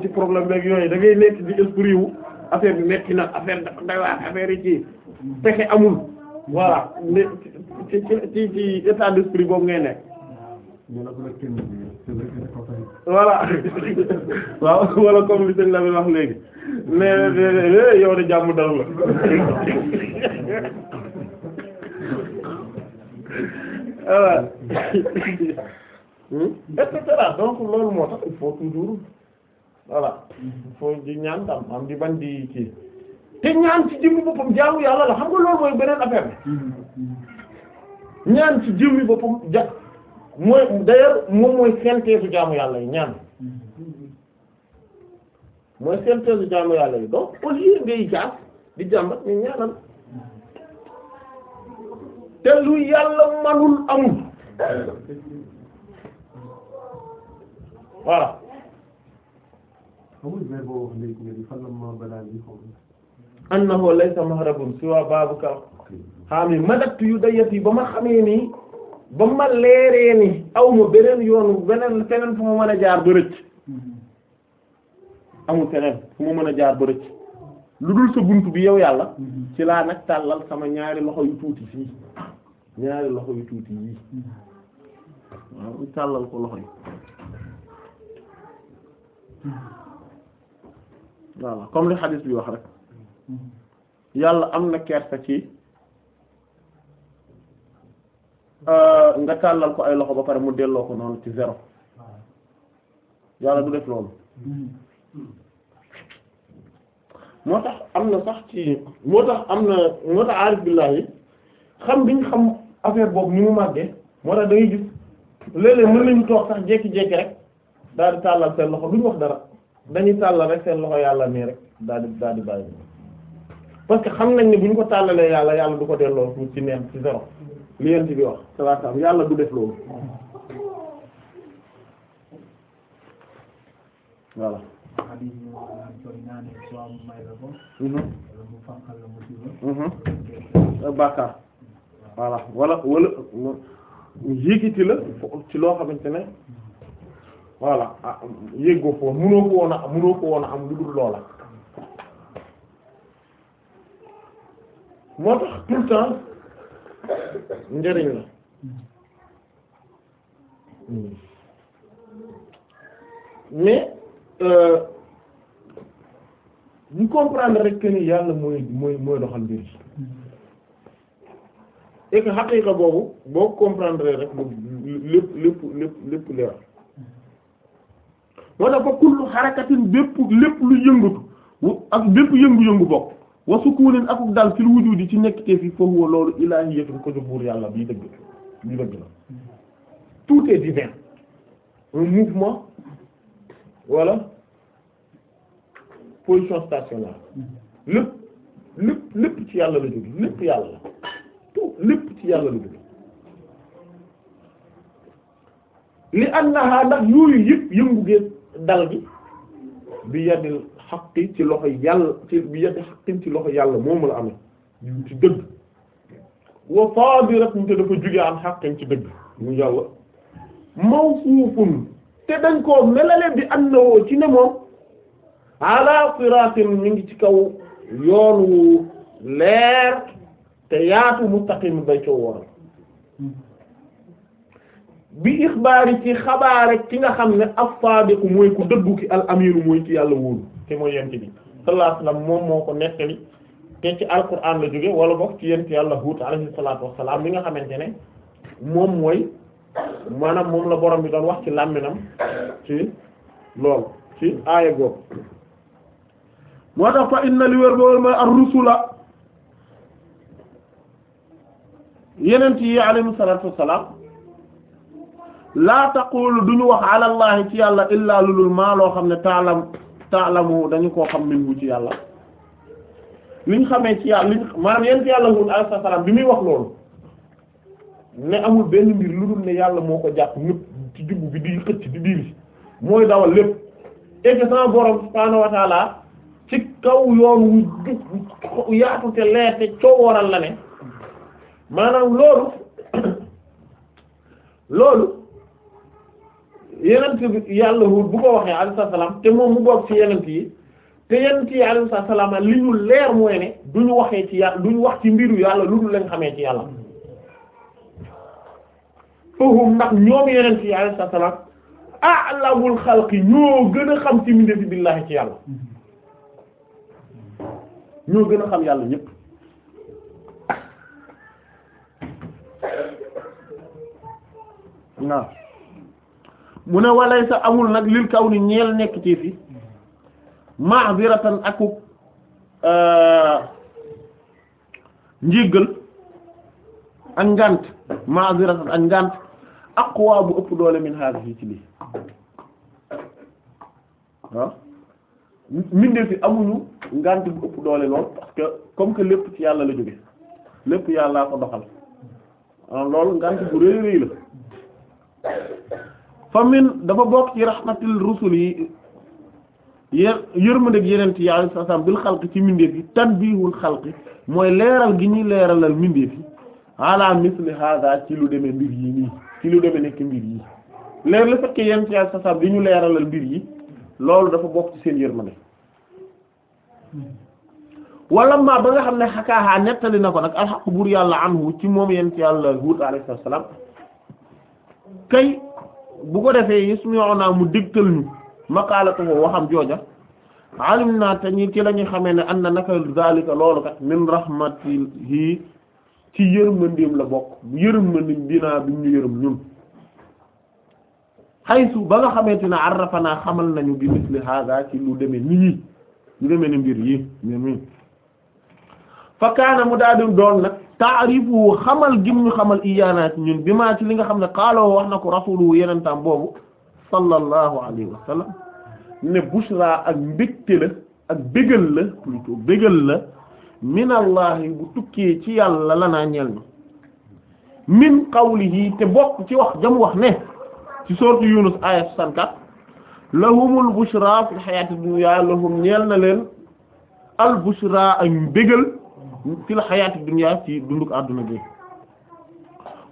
ci problème beeg yooyu da ngay nekk di esprit affaire bi metti na affaire dafa doy waar affaire ci pexe amul voilà mais ci ci ci état d'esprit boobu ngay nekk. wala comme li sëñ la wax léegi mais yow de jàmm dal la voilà hmm? et cetera donc loolu moo tax il faut toujours voilà tam am di ban di te ñaan ci jëmmi boppam jaamu yàlla la xam nga loolu mooy beneen affaire bi ñaan ci jëmmi boppam ja mooy d'ailleurs moom mooy synthèse jaamu yàlla yi ñaan mooy synthèse jaamu yàlla yi donc au lieu ngay jaas di jàmbat ñu ñaanal te lu yàlla manul amul voilà. annahu laysa mahrabun siwa babuka xaami madat yu dayat yi ba ma xamee nii ba ma leeree ni awma beneen yoonu beneen feneen fu ma mën a jaar ba rëcc amul feneen fu ma mën a jaar ba rëcc lu dul sa buntu bi yow yàlla mhm. ci laa nag tàllal sama ñaari loxo yu tuuti fii ñaari loxo yu tuuti yii mhm. waaw tàllal ko loxo yi mhm. voilà comme li hadith bi wax rek yàlla am na kersa ci euh, nga tàllal ko ay loxo ba pare mu delloo ko noonu ci zéro yàlla du def loolu moo tax am na sax ci moo tax am na moo tax aarif billaahi xam biñ xam affaire boobu ni mu màggee moo tax da ngay gis léeg-léeg mën nañu toog sax jékki-jékki rek daal di tàllal seen loxo duñu wax dara dañuy tàllal rek seen loxo yàlla nii rek daal di daal di bàyyi parce xam nañ ne bu ñu ko tàllalee yàlla yàlla du ko delloo mu ci neen ci zéro li yent bi wax salaam yàlla du def loolu voilà mm-hmm. mm-hmm. bàkkaar voilà wala wala yéegiti la ci loo xamante ne voilà ah, yéeg ko foofu munoo ko woon a munoo ko woon a am lu dul loola moo tax tout le temps njëriñ la mais ñu euh, comprendre rek que ni yàlla mooy mooy mooy doxal mbir yi et que boobu boo comprendre rek lépp lépp lépp lépp leer moo tax fa kullu xarakatin bépp lépp lu yëngatu ak bépp yëngu-yëngu bokk wa sukunin akuk dal fil wujudi ci nekkitee fi fa huwa loolu ilahiyatun ko buur yàlla bii dëgg bii dëgg la tout est divin un mouvement voilà position stationnaire lépp lépp lépp ci yàlla la jóge lépp yàlla la lépp ci yàlla la jóge li annaha ndax yooyu yëpp yëngu dal gi bi yadil xaqi ci loxo yàlla ci bi yadi xaqin ci loxo yàlla moomu la amee ci dëgg wa saadiratun te dafa jugee am xaqin ci dëgg mu yàlla mawsuufun te dañ ko melale bi annawoo ci ne moom ala siraatin ñu ngi ci kaw yoonu leer te yaatu mustaqim bay coo wooral bi ixbaari ci xabaare ki nga xam ne as-saadiq mooy ku dëggu ki al mooy ci yàlla wóolu te mooy yent bi sallallahu alayhi wasallam moom moo ko nettali te ci alquran la jóge wala boog ci yent yàlla huut alayhi salaatu wassalaam mi nga xamante ne moom mooy maanaam moom la borom bi doon wax ci làmminam ci lool ci aaya googu moo tax fa inna li wér ba mooy ar-rusula yenent yi alayhi wassalaam laa taqulu duñu wax alallahi ci yàlla illaa lulul maa loo xam ne taalam taalamu dañu koo xam min wu ci yàlla liñ xamee ci yàlla liñ maanaam yent yàlla wul alayhi salaam muy wax loolu ne amul benn mbir lu dul ne yàlla moo ko jàpp ñëpp ci jubbu bi di xëcc di diiri mooy dawal lépp et que sama borom subhaanahu wa ci kaw yoon wu yaatu te leer te coowooral la ne maanaam loolu loolu yenent yàlla wut bu ko waxee alayhi salaam te moom mu bokk ci yenent yi te yenent yi alayhi salaam li ñu leer mooy ne du ñu waxee ci yàlla du ñu wax ci mbiru yàlla lu dul lañ xamee ci yàlla fahum ndax ñoom yenent yi alayhi salaam a'lamul xalqi ñoo gën a xam ci mbindeefi billaahi ci yàlla ñoo gën a xam yàlla ñépp waaw mu ne walay sa amul nag lil kaw ni ñeel nekk ci fi ma'ziratan akub euh, njéggal ak ngant ma'ziratan ak ngant aqwa bu ëpp doole min hadhihi ci lii waaw mindee fi amuñu ngant bu ëpp doole lool parce que comme que lépp ci yàlla la jóge lépp yàllaa ko doxal ah, loolu ngant bu rëy rëy la fa dafa bokk ci rahmatil rusul yi yër yërmandeeg yeneen ci yàlla sa sam bil xalqi ci mindeef yi tanbihul xalqi mooy leeral gi ñuy leeralal mindeef yi ala misli hada ci lu demee mbir yi nii ci lu demee nekk mbir yi leer la fekkee yenn ci yàlla sa sam li ñu leeralal mbir yi loolu dafa bokk ci seen yërmande wala ma ba nga xam ne xakaaxaa nettali na ko nag alxaq buur yàlla anhu ci moom yenn ci yàlla Huud alayhi salaam kay. bu ko defee yusmi'una mu digtal ñu maqaalatu waxam jooja alim naa te ñi ci la ñu xamee ne anna naka zalika loolu kat min rahmatihi ci yërmandeem la bokk yërmandeem dinaa bi ñu yërëm ñun xaysu ba nga xamante ne arrafanaa xamal nañu bi misli hada ci lu demee ni yi lu demee ni mbir yi ñun mi fa kaana mu daa di doon nag taarifu xamal gim ñu xamal iyaana ñun bi maa ci li nga xam ne xaaloo wax na ko rasulu yenentaam boobu sallallahu alayhi wa sallam ne bushra ak mbégte la ak bégal la plutôt bégal la bu tukkee ci yàlla la naa ñeel ñu min qawlihi te bokk ci wax jam wax ne ci sourate Yunus aya 64 lahumul bushra fil hayatid dunya lahum ñeel na leen al bushra ak mbégal fil xayaati dunya ci dunduk àdduna gi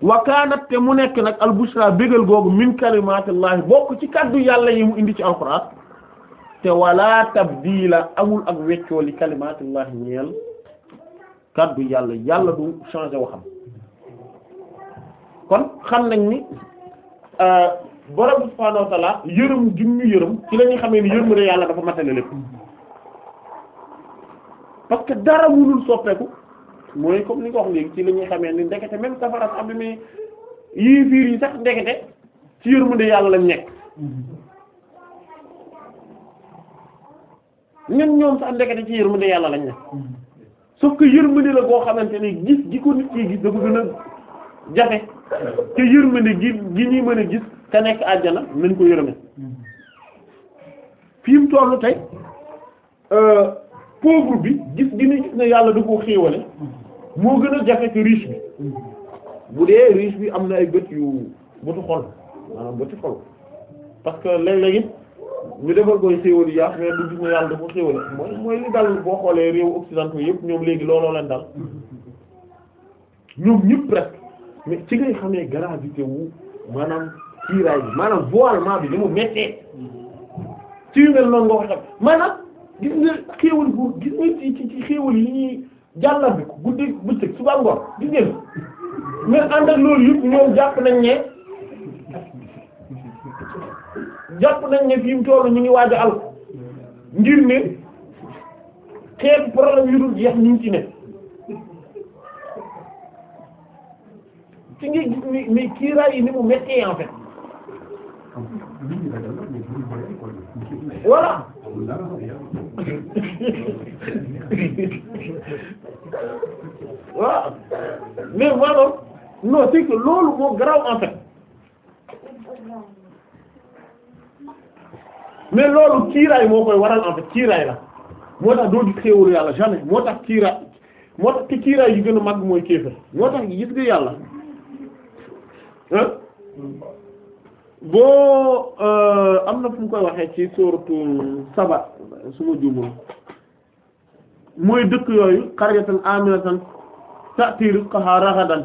wa kaanat te mu nekk nag al bushra bégal googu min kalimaatillahi bokk ci kàddu yàlla yi mu indi ci alquran te wala tabdila amul ak weccoo li kalimaatillahi ñeel kaddu yàlla yàlla du changer waxam kon xam nañ ni euh, borom subhaanahu wa ta'ala yërëm jum ñu yërëm ci la ñuy xamee ni yërmande yàlla dafa matale lépp parce que dara mënul soppeeku mooy comme ni ko wax léegi ci lañuy xamee ni ndekete même safara am bi muy yii fiir yi sax ndekete ci yërmande yàlla lañ nekk ñun ñoom sax ndekete ci yërmande yàlla lañ nekk sauf que yërmande la boo xamante ni gis gi ko nit ki gis dafa gën a jafe te yërmande gi gi ñuy mën a gis te nekk àjjana nañ ko yërëme fi mu tollu tey euh, pauvre bi gis gi gis ne yàlla da koo xéewale moo gën a jafe que riche bi bu dee riche bi am na ay bët yu bëtu xol maanaam bëtu xol parce que léeg-léeg ñu defal koy xéewal yi yaa mais du gis ne yàlla da koo mooy mooy li dal boo xoolee réew occidentaux yëpp ñoom léegi looloo leen dal ñoom ñëpp presque mais ci ngay xamee gravité wu maanaam kiiraay bi maanaam voilement bi ni mu méttee ci yu mel noonu nga ko xam maanaam gis nga xéewal bu gis nga ci ci xéewal yi ñuy jàllale ko guddi bëccëg suba ngoon gis ngeen mais ànd ak loolu yëpp ñoom jàpp nañ ne jàpp nañ ne fi mu toll ñu ngi waaj a àll ngir ne xeetu problème yu dul jeex ñu ngi ci ne ci nga gis ni mais kiiraay yi ni mu méttee en fait voilà. waaw mais maanaam non c'est que loolu moo garaaw en fait mais loolu kiiraay moo waral en fait kiiraay la moo tax doo gis xéewalu yàlla jamais moo tax kiiraay moo tax te kiiraay yu gën a mag mooy kéefër moo tax gis nga yàlla ah boo euh, am na fu mu koy waxee ci sóoratu Saba su ma juumul mooy dëkk yooyu qaryatan aminatan ta'ti rizqaha ragadan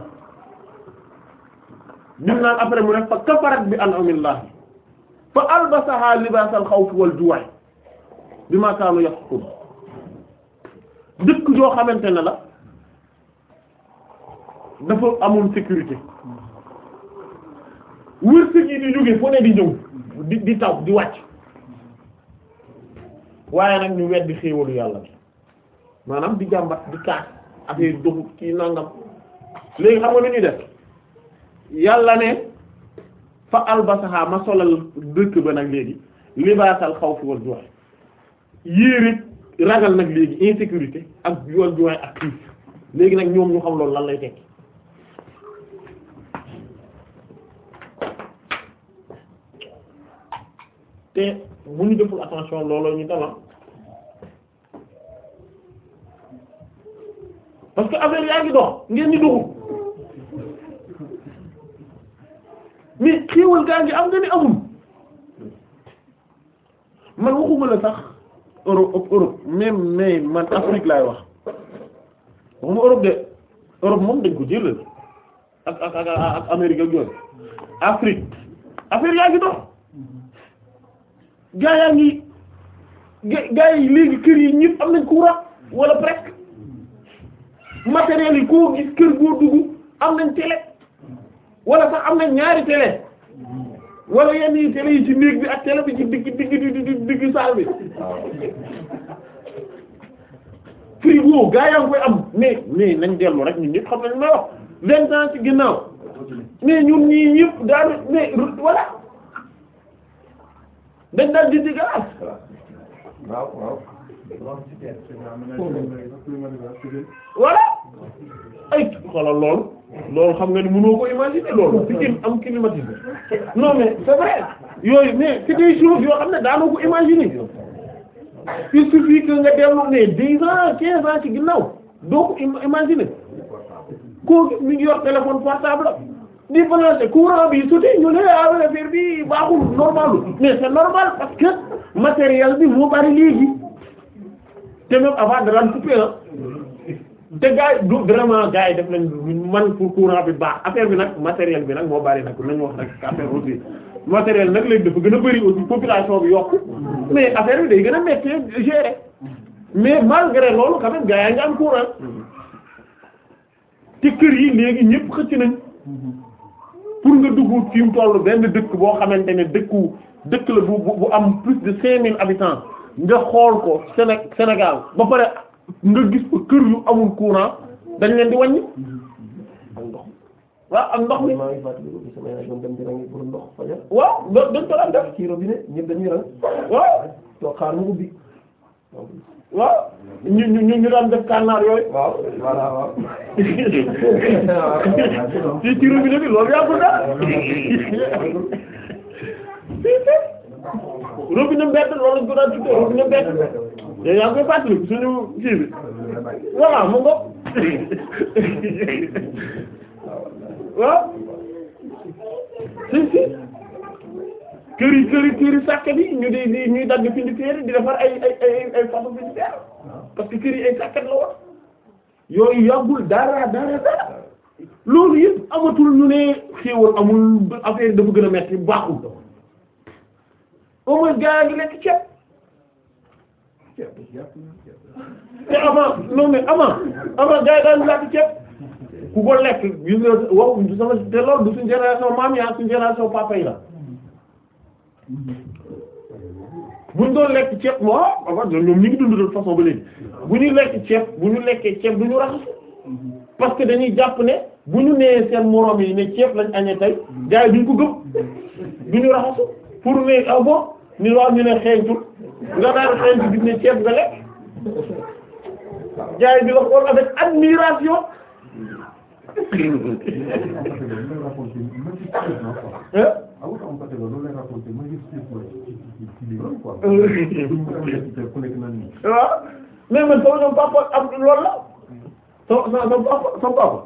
dim naan après mu ne fa kafarat bi an'amillah fa albasaha libaasal xawf wal ju'i bima kaanu yafqud dëkk yoo xamante ne la dafa amul sécurité wërsëg yi di jóge fu ne di ñëw di di taw di wàcc waaye nag ñu weddi xéewalu yàlla bi maanaam di jàmbat di kaas affaire doxut kii nangam léegi xam nga nu ñuy def yàlla ne fa albasaha ma solal dëkk ba nag léegi libaasal xawf wal juux yéere ragal nag léegi insécurité ak wal juux ak xiif léegi nag ñoom ñu xam loolu lan lay tekki te bu ñu deful attention looloo ñu dalal ah. parce que affaire yaa ngi dox ngeen ñu dugg mais xéewal gaa ngi am nga ni amul man waxuma la sax Europe Europe même mais man Afrique laay wax waxuma Europe de Europe moom dañ ko jëlal ak ak ak ak Amérique ak yooyu Afrique affaire yaa ngi dox gaa yaa ngi gaa yi léegi kër yi ñëpp am nañ courant wala presque matériel yi koo gis kër goo dugg am nañ télé wala sax am nañ ñaari télé wala yenn yi télé yi ci néeg bi ak télé bi ci digg digg digg saal bi frigo gaa yaa ngi koy am mais mais nañ dellu rek ñun ñëpp xam nañ ma wax vingt ans ci ginnaaw mais ñun ñii ñëpp daanu mais voilà dañ daal di digal waaw waaw. voilà ay xam nga ni mënoo ko imaginer loolu Pikine am climatisé non mais c'est vrai yooyu mais c'est des choses yoo xam ne daanoo ko imaginer il suffit que nga dellu ne dix ans quinze ans ci ginnaaw mi ngi yor téléphone portable di branché courant bi soti ñu ne ah bi baaxul normalu mais c'est normal parce que matériel moo bari léegi te même avant daraan coupé ah te gars yi du vraiment gars yi def nañ man pour courant bi baax affaire bi nag matériel bi nag moo bari nag nañ wax nag affaire aussi matériel nag léegi dafa gën a bari aussi population bi yokku mais affaire bi day gën a métti gérer mais malgré loolu quand même gars yaa ngi am courant te kër yi léegi ñépp xëcc nañ pour nga dugg fi mu toll benn dëkk boo xamante ne dëkku dëkk la bu bu am plus de cinq mille habitants nga xool ko Séné Sénégal ba pare nga gis ko kër yu amul courant dañ leen di wàññi. waaw ak ndox mi maa ngi fàttali ko sama yaay doon dem di rangi ndox fajar waaw dañ ko daan def ci dañuy rang waaw toog xaar mu waaw ñu ñu ñu ñu daan def kànnaar yooyu. waaw voilà waaw. ci ci robinet bi loolu yàggul daal. robinet mbedd loolu lañ ko daan tuddee robinet mbedd. yooyu yaa ngi koy mu ngoog. waaw. këri këri këri sàkk bi ñu di di ñuy dagg pinditeer di defar ay ay ay ay parce que këri ay sàkkat la yooyu yàggul dara dara dara loolu yëpp amatul ñu ne xéewal amul affaire dafa gën a metti baaxul au moins gaa ngi lekk ceeb te avant non mais avant avant gaa yi daan lekk ceeb ku ko lekk gis te loolu du suñu génération maam yaa ah, suñu génération papa yi la buñ doon lekk ceeb waa waaw ñoom dund de façon ba léegi bu ñu lekk ceeb bu ñu lekkee ceeb du ñu raxasu parce que dañuy jàpp ne bu ñu nee seen moroom yi ne ceeb lañ añee tey gars duñ ko gëm du ñu raxasu pour ne ah bon ni waaw ñu ne xeeñtul nga daal xeeñtu gis ne ceeb nga lekk gars yi di wax woon admiration waaw mais man sama ñoom papa am loolu la sama sama papa sama papa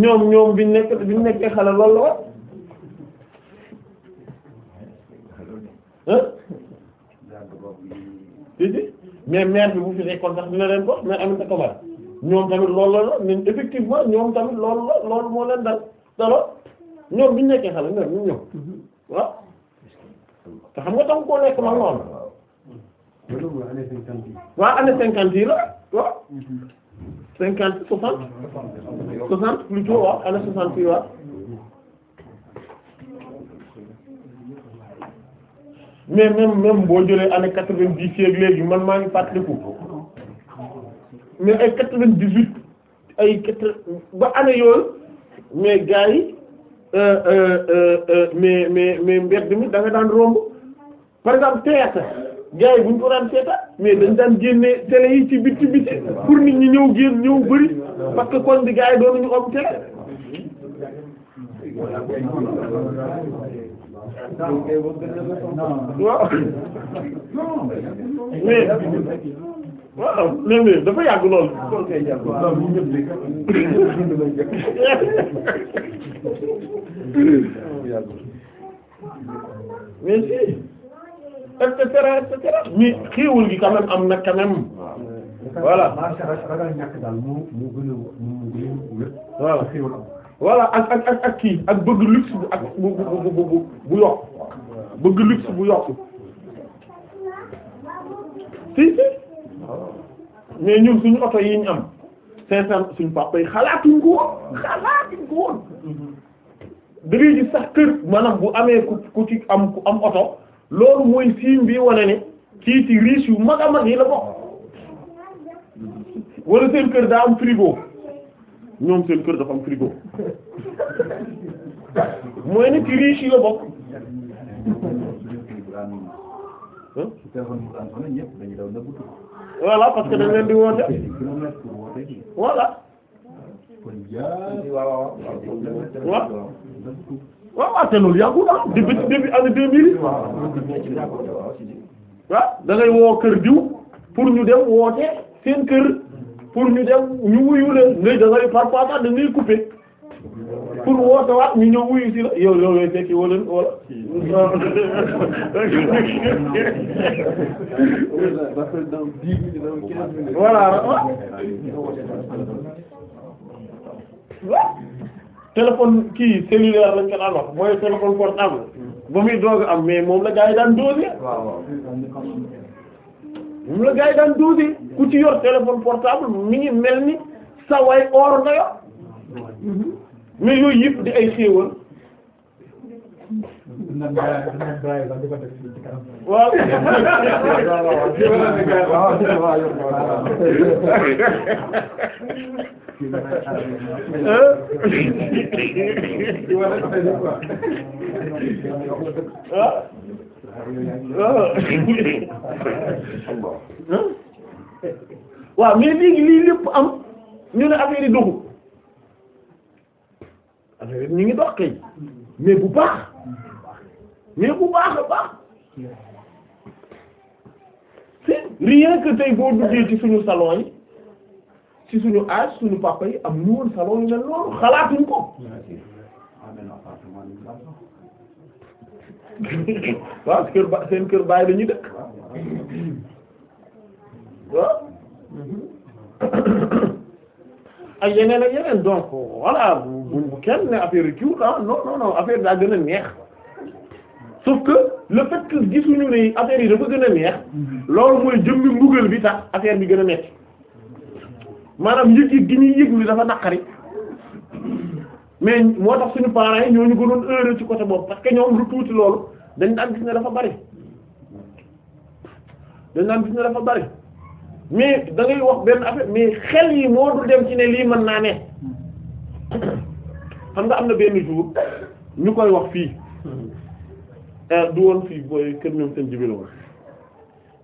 ñoom ñoom biñ nekk biñ nekkee xale loolu la wa si si mais mère bi bu fi nekkoon sax dina leen ko mais am na ko ñoom tamit loolu la la nañ effectivement ñoom tamit lool la loolu moo leen dal dara ñoom bi ñu nekkee xale ñoom ñu ñëw waaw te xam nga tam koo nekk man noonu waaw année cinquante yi la wa cinquante soixante soixante plutôt waaw année soixante yi waaw mais même même boo jëlee année quatre-vingt-dix yeeg léegi man maa ngi fàttaliku mais ay quatre-vingt-dix-huit ay quatre ba année yooyu mais gars yi euh, euh, euh, mais mais mais mbedd mi da nga daan romb par exemple théâtre gars yi buñ ñu ko seeta mais dañ daan génne télé yi ci biti biti pour nit ñi ñëw génn ñëw bëri parce que kon bi gars yi doon ñu am télé mais waaw léeg-léeg dafa yàgg lool. waaw kay yàgg waaw bu ñëpp de. mais gi quand am na quand même. voilà macha allah a moo a wér. voilà xéewal am. voilà ak ak ak mais ñun suñu oto yi ñu am cinq cent suñu papa yi xalaatuñ ko woon xalaatuñ ko woon da ngay sax kër maanaam bu amee ku ku ci am am oto loolu mooy signe bi wone ne ci riche yu mag a mag yi la bokk wala seen kër daa am frigo ñoom seen kër dafa am frigo mooy ne ci riche yi la bokk. ci téléphone bu am ñëpp dañuy voilà parce que dañ leen di woote voilà waaw waaw ate loolu yàggul ah depuis depuis année deux mille waaw da ngay woo kër diw pour ñu dem woote seen kër pour ñu dem ñu wuyu leen ngay da ngay parfois sax ngay couper pour woote waat ñu ñëw wuyu si la yow loolu lay fekki wala wala. voilà. téléphone kii cellulaire lañ ko daan wax mooy téléphone portable ba muy doog am mais moom la gars yi daan doser. la gars yi daan doser ku ci portable mi ngi mel ni sa way or nga yor. mais yooyu yëpp di ay xéewal nan bàyyi nan bàyyi sax di ko def fii ci kanam. am ñu ne affaire yi affaire ñu ngi dox kay mais bu baax mais bu baax a baax c'est rien que tey ci suñu salon yi ci suñu âge suñu papa yi am nu woon salon yi mel noonu ko waaw kër ba seen kër baay lañuy dëkk waaw ak yeneen ak yeneen donc voilà bu bu kenn ne affaire kiiwut a ah, non non non affaire daa gën a neex sauf que le fait que gisuñu ne affaire yi dafa gën a neex mhm. loolu mooy jëmmi mbugal bi tax affaire bi gën a metti maanaam yëg gi ñuy yëg li dafa naqari mais moo tax suñu parents yi ñoo ñu gënoon heureux ci côté boobu parce que ñoom lu tuuti loolu dañ daan gis ne dafa bari dañ daan gis ne dafa bari. mais da ngay wax benn affaire mais xel yi moo dul dem ci ne lii mën naa ne xam nga am na benn jour ñu koy wax fii euh, du woon fii booy kër ñoom seen jibi la woon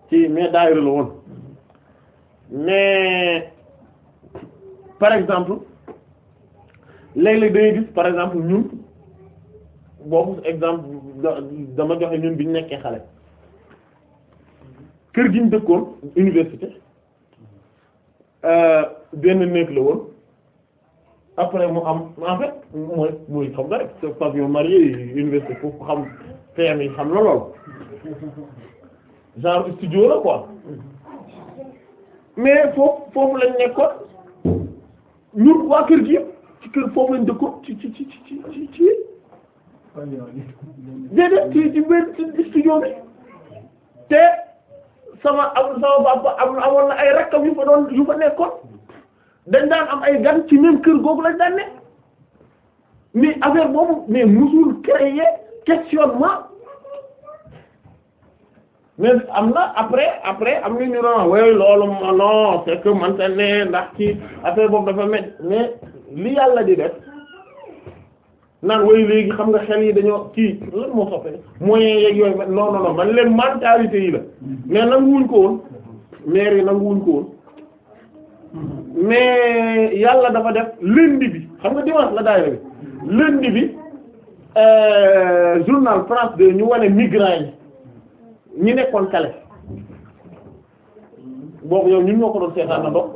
ci mais daayira la woon mais par exemple léeg-léeg dañuy gis par exemple ñun boobu exemple dama joxe ñun bi ñu nekkee xale kër gi ñu dëkkoon université Euh, benn néeg la woon après mu am en fait mooy muy xam nga rek c'est pavillon marié université foofu xam PM yi xam la lool la quoi mais foofu foofu lañ nekkoon ñun waa kër gi yëpp ci kër foofu lañ dëkkoon ci ci ci ci ci ci déedéet ci ci biir studio te sama am sama papa am amoon na ay rakkam yu fa doon yu fa nekkoon dañ daan am ay gan ci même kër googu lañ daan ne mais affaire boobu mais musul créer questionnement mais am na après après am na ñu doon ah way non c'est que man ne ndax ki affaire boobu dafa met mais li la di def. naan way léegi xam nga xel yi dañoo kii lan moo soppeeku moyens yeeg yooyu non non non man leen mentalité yi la mais nanguwuñ ko woon maire yi nanguwuñ ko woon mais yàlla dafa def lundi bi xam nga dimanche la daayira bi lundi bi euh, journal France 2 ñu wane migrants yi ñi nekkoon Calais boobu yow ñun ñoo ko doon seetaan na dox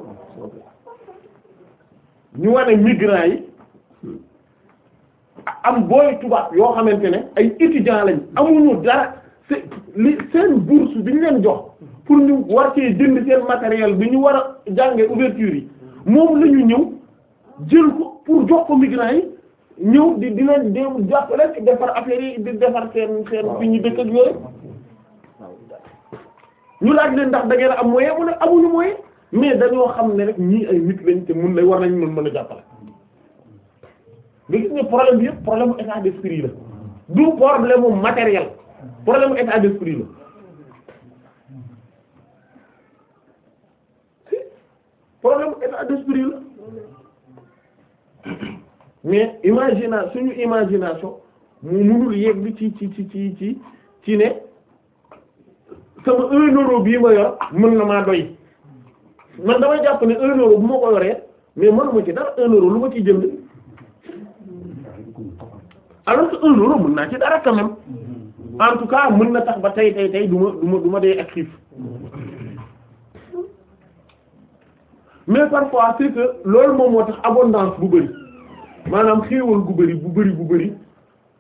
ñu wane migrants yi. am booy tubaab yoo xamante ne ay étudiants lañ amuñu dara li seen bourse bi ñu leen jox pour ñu war cee jënd seen matériel bi ñu war a jàngee ouverture yi moom la ñëw jël ko pour jox ko migrants yi ñëw di di leen dem jàppale ci defar affaire yi di defar seen seen fi ñu dëkk ak yooyu ñu laaj leen ndax da ngeen am moyen mu ne amuñu moyen mais dañoo xam ne rek ñii ay nit lañ te mun lay war nañ mën mën a jàppale nga gis ne problème bi yëpp problème mu état d'esprit la du problème mu matériel problème mu état d'esprit la si problème mu état d'esprit la mais imagina suñu imagination mu munul yegg ci ci ci ci ci ci ne sama un euro bii ma yor mën na maa doy man damay jàpp ne un euro bu ma ko yoree mais mënuma ci dara un euro lu ma ciy jënd. alors que un euro mën naa ci dara quand même mm-hmm. tout cas mën na tax ba tey tey tey du ma dee ak xiif mais parfois c'est que loolu moom moo tax abondance bu bari maanaam xéewal gu bari bu bari bu bari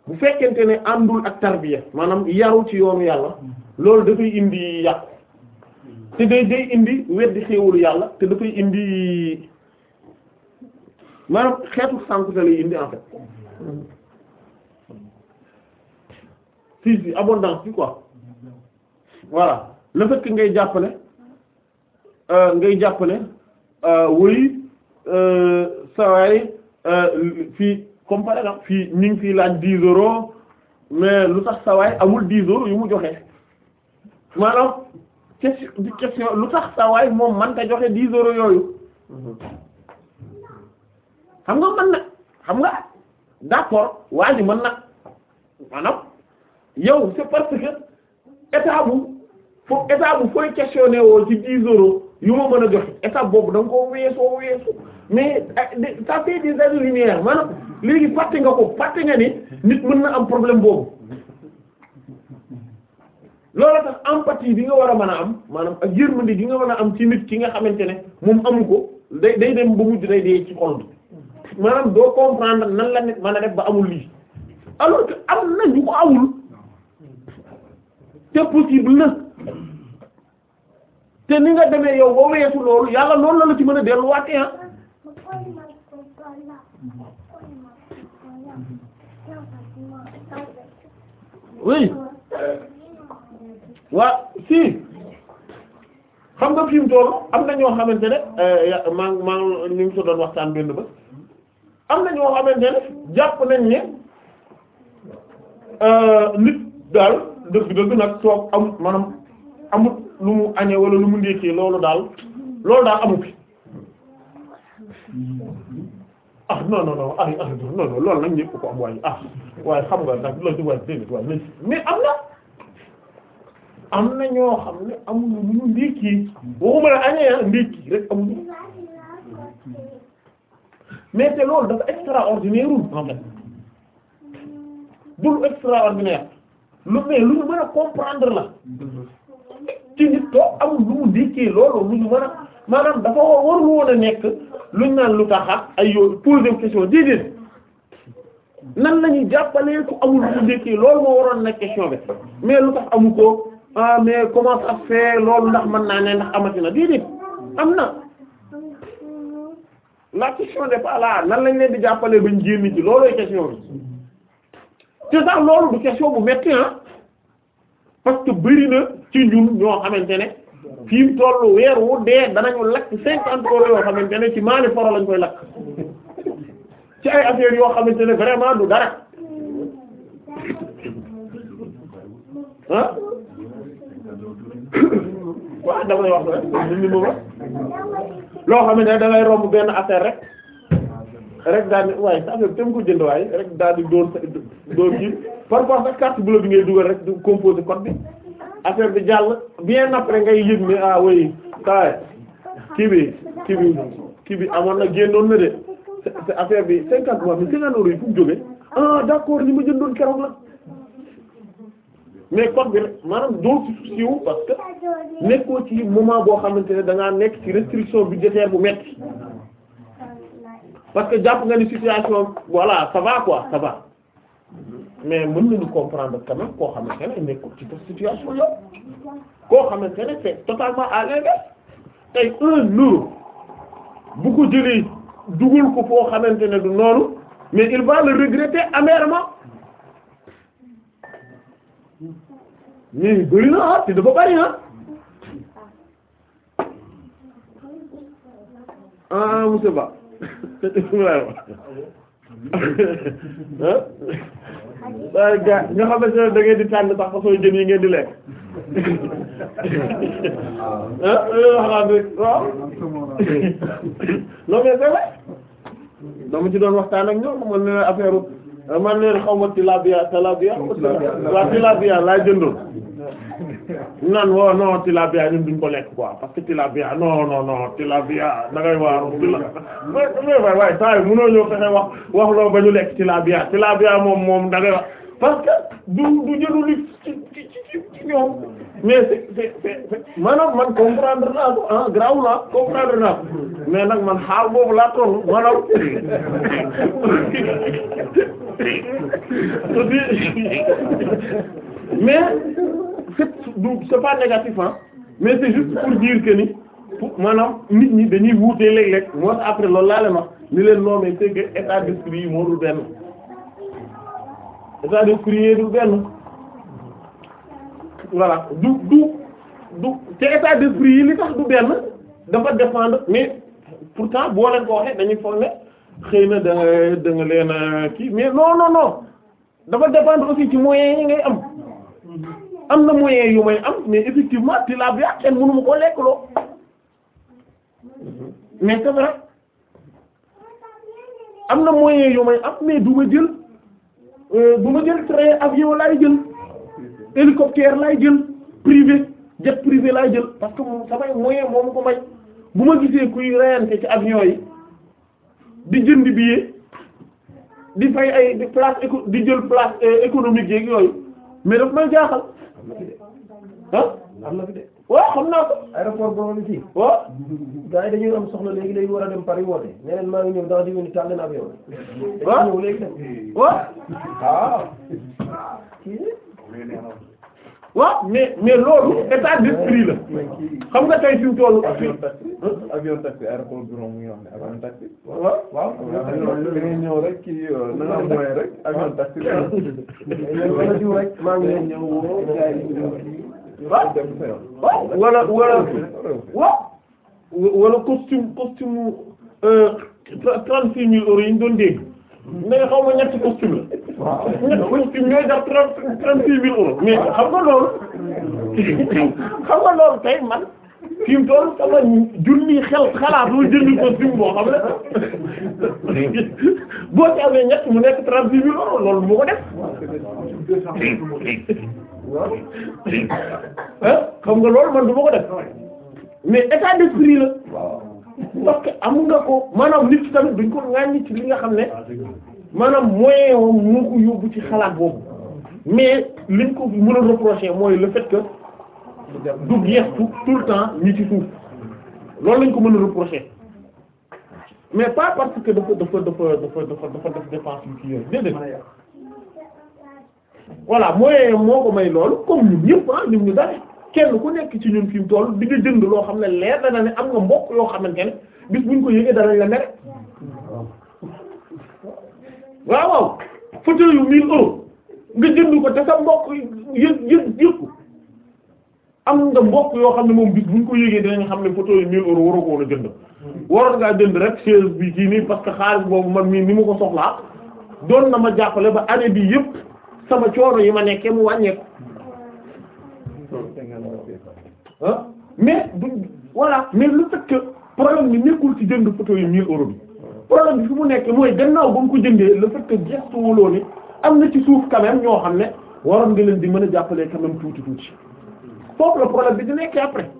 bu fekkente ne àndul ak tarbiya maanaam yaru ci yoon yàlla mm-hmm. loolu dafay indi yàqu te day day indi weddi xéewalu yàlla te dafay indi maanaam xeetu sànq la lay indi en fait. Mm-hmm. siis bi abondance bi quoi voilà le fait ngay jàpp ne euh, ngay jàpp ne euh, wuy euh, sawaay fii comme par exemple fii ñu ngi fii laaj dix mais lu tax sawaay amul dix euros yu mu joxe maanaam question question lu tax sawaay moom man ta joxe dix euros yooyu xam nga mën na xam nga d'accord waa ji mën na maanaam yow c'est parce que état bu foofu état bu fooy questionné woo ci 10 euros yu ma mën a jot état boobu danga koo weesoo weesu mais eh, ça fait des années-lumière maanaam léegi fàtte nga ko fàtte nga ni nit mën na am problème boobu loolu tax empathie bi nga war a mën a am maanaam ak yërmande gi nga mën a am ci nit ki nga xamante ne moom amu ko day day dem ba mujj day dee ci xol maanaam doo comprendre nan la nit mën a def ba amul lii alors que am ko amul. te possible na te ni nga demee yow boo weesu loolu yàlla loolu la ci mën a delluwaat ah oui waa si xam nga fi mu am na ñoo xamante ne eh, maa maa ñu ngi so doon waxtaan benn ba am na ñoo xamante ne jàpp nañ ne eh, nit daal. dëgg-dëgg nag toog am maanaam amut lu mu añee wala lu mu ndékkee loolu daal loolu daal amu fi ah non non non ah ah non non loolu nag ñëpp ko am waaye ah waaye xam nga nag loolu di waaye déedéet waaye nañ mais am na am na ñoo xam ne amuñu lu ñu ndékkee waxuma la añee ah, ndékki rek amuñu mais te loolu dafa extraordinaire en fait lu mais lu ñu mën a comprendre la ci nit too lu mu dikkee loolu lu ñu mën a maanaam dafa war lu woon a nekk luñ naan lu tax ay yoon poser question déedéet nan lañuy ñuy jàppalee ku amul lu mu dikkee loolu moo waroon nag question bi mais lu tax amu ko ah mais comment ça loolu ndax mën naa ne ndax amati na déedéet am na la question de pas là nan lañ leen di jàppalee bañ jénni ci loolooy question bi te sax loolu du question bu metti ah parce que bëri na ci ñun ñoo xamante ne fii mu toll weer wu dee danañu lakk cinquante euros yoo xamante ne ci maali foro lañ koy lakk ci ay affaires yoo xamante ne vraiment du dara ah waaw damay wax rek ni mu wax loo xamante ne da ngay romb benn affaire rek. rek daal di waaye affaire bi tam ko jënd waaye rek daal di door door ji parfois sax carte bleue bi ngay dugal rek du composé code bi affaire bi jàll bien après ngay yëg ne ah oui ça kii bi kii bi kii bi amoon na génnoon na de te affaire bi cinquante mois bi cinquante euros yi fu mu jógee ah ma jëndoon keroog la mais code bi rek maanaam doo ci siiw parce que nekkoo ci moment boo xamante ne da ngaa nekk ci restriction budgétaire bu metti parce que jàpp nga ni situation voilà ça va quoi ça va mais mën nañu comprendre quand même koo xamante ne nekkul ci situation yo koo xamante ne c'est totalement à l'inverse tey un euro bu ko jëlee dugal ko foo xamante ne du noonu mais il va le regretter amèrement mais bëri na ah te dafa bëri na ah. ah monsieur Ba Ibrahima ah gaa nga xamante ne da ngeen di tànn sax sooy jën yi ngeen di lekk ah loolu wax rek waaw non mais c'est vrai dama ci doon waxtaan ak ñoom man man leen xaw ma tilapia tilapia waaw tilapia nan wo non tilapia ñun duñ ko lekk quoi parce que tilapia non non non tilapia da ngay waaru tilapia waay waay saa yi mënoo ba ñu lekk tilapia moom moom da ngay wax parce que du du jëlu li ci ci ci ci ñoom mais c'est c'est maanaam man comprendre naa ko ah la comprendre man xaal boobu mais c'est c'est pas négatif hein mais c'est juste pour dire que ni maanaam nit ñi dañuy wuute léeg-léeg moo tax après loolu laa leen wax ni leen noomee c'est que état d'esprit yi moo dul benn état d'esprit yi dul benn voilà du du du te état d'esprit yi li tax du benn dafa dépendre mais pourtant boo leen ko waxee dañuy foog ne xëy na da nga da kii mais non non non dafa dépendre aussi ci moyens yi ngay am am na moyens yu may am mais effectivement tilapia kenn mënu ma koo lekk loo mais c'est vrai am na moyens yu may am mais du jël euh, du ma jël train avion laay jël hélicoptère laay jël privé jet privé laay jël parce que moom samay moyens moomu ko may bu ma gisee kuy reyante ci avion yi. di jënd billet di fay ay di place di jël place euh, économique yeeg yooyu mais daf may jaaxal. ah am na fi de. waaw xam naa ko. aéroport soxla léegi léegi war a dem Paris woote nee nañ maa ngi ñëw ndax di nga ni taal leen avion. waaw dañuy waaw mais mais loolu état d'esprit la xam nga tey fi mu toll. avion taxi avion taxi aéroport bureau mu ngi avion taxi. waaw waaw dañuy ñëw rek kii na nga am moyen rek avion taxi. maa ngi ñëw woo gars yi. waaw wala wala waaw wala costume costume euh, trente six yi ñu doon dégg. mais xaw ma ñetti costume la. waaw ñetti costume ñooy def trente trente six mille euros. mais xam nga loolu. xam nga loolu tey man fi mu toll sama junni xel xalaat lu jënd costume boo xam ne boo ci amee ñett mu nekk trente six mille euros loolu moo ko def. ah xam nga loolu man du ma ko def mais état parce que am nga ko maanaam nit ki tamit duñ ko ŋàññi ci li nga xam ne maanaam moyen wam moo ko yóbbu ci xalaat boobu mais liñ ko mën a reprocher mooy la fait que du gestu tout le temps ñi ci suuf loolu lañ ko mën a reprocher mais pas parce que dafa dafa dafa dafa dafa dafa def dépense yu ci yor déedéet voilà mooy moo ko may loolu comme ñun ñëpp ah ñun ñu dare kenn ku nekk ci ñun fi mu toll di nga jënd loo xam ne leer na ne am nga mbokk yoo xamante ne bis ñu ko yëgee danañ la mere waaw waaw fauteuil yu 1000 euros nga jënd ko te sa mbokk yë yë yëpp am nga mbokk yoo xam ne moom bis buñ ko yëgee dinañ xam ne fauteuil yu 1000 euros waroo a jënd ngaa jënd rek chaise bi kii nii parce que xaalis boobu man mii ni ma ko soxlaa doon na ma jàppale ba année bi yëpp sama coono yi ma nekkee mu wàññeeku. mais du voilà mais le fait que problème bi nekkul ci jënd photo yi 1000 euros bi problème bi fi mu nekk mooy gannaaw ba ko jëndee la fait que gestu wuloo am na ci suuf quand ñoo xam ne waroon nga leen di mën a jàppalee quand même tuuti tuuti foofu la problème bi di nekkee après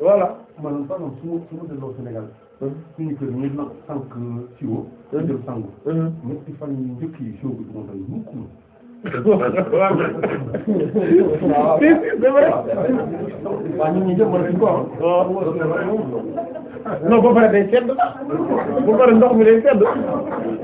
voilà kon. peut suñu kër ñu nag sànq siwo ñu dem sangu ñetti fan yi njëkk yi siwo bi du ma doy mukk ma waaw ñun ñi jëm mën nañu ko am non ba pare day sedd ba pare ndox mi day sedd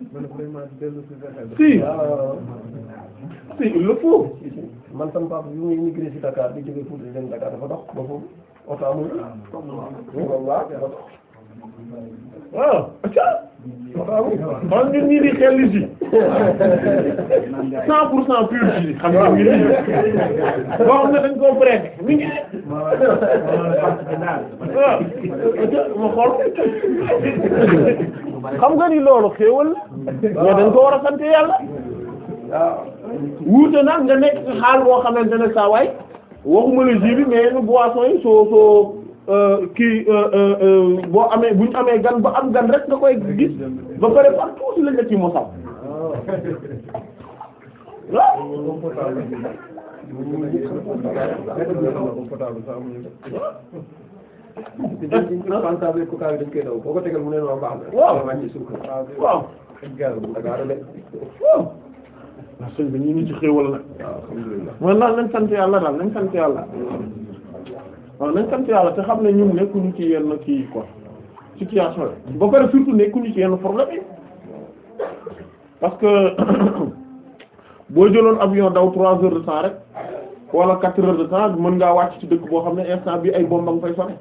si si il le faut. man sama papa bi muy immigré si di jógee Fouta di dem Dakar dafa dox ba foofu oto amul. Ah, waaw ñun ñii xel li si cent pour cent pur ji xam nga ñu boo xam ne dañ koo prêter mi ngi ma ah. xool ah. ah. xam nga ni loolu xéewal la dañ ko war a sant yàlla wuute nag nga wa ci xaal boo xamante ne saa waay waxuma la ji bi mais boisson yi soo soo kii boo amee bu ñu amee gan ba am gan rek nga koy gis ba pare par tuuti lañ la ci mosal waaw waaw waaw sëñ bi ñu ngi ci xéewal nag man naa nañ sant yàlla daal nañ sant waaw nañ sant yàlla te xam ne ñun nekkuñu ci yenn kii quoi situation ba pare surtout nekkuñu ci yenn problème yi parce que boo jëloon avion daw trois heures de temps rek wala quatre heures de temps mën ngaa wàcc ci dëkk boo xam ne instant bi ay bomb nga fay sonné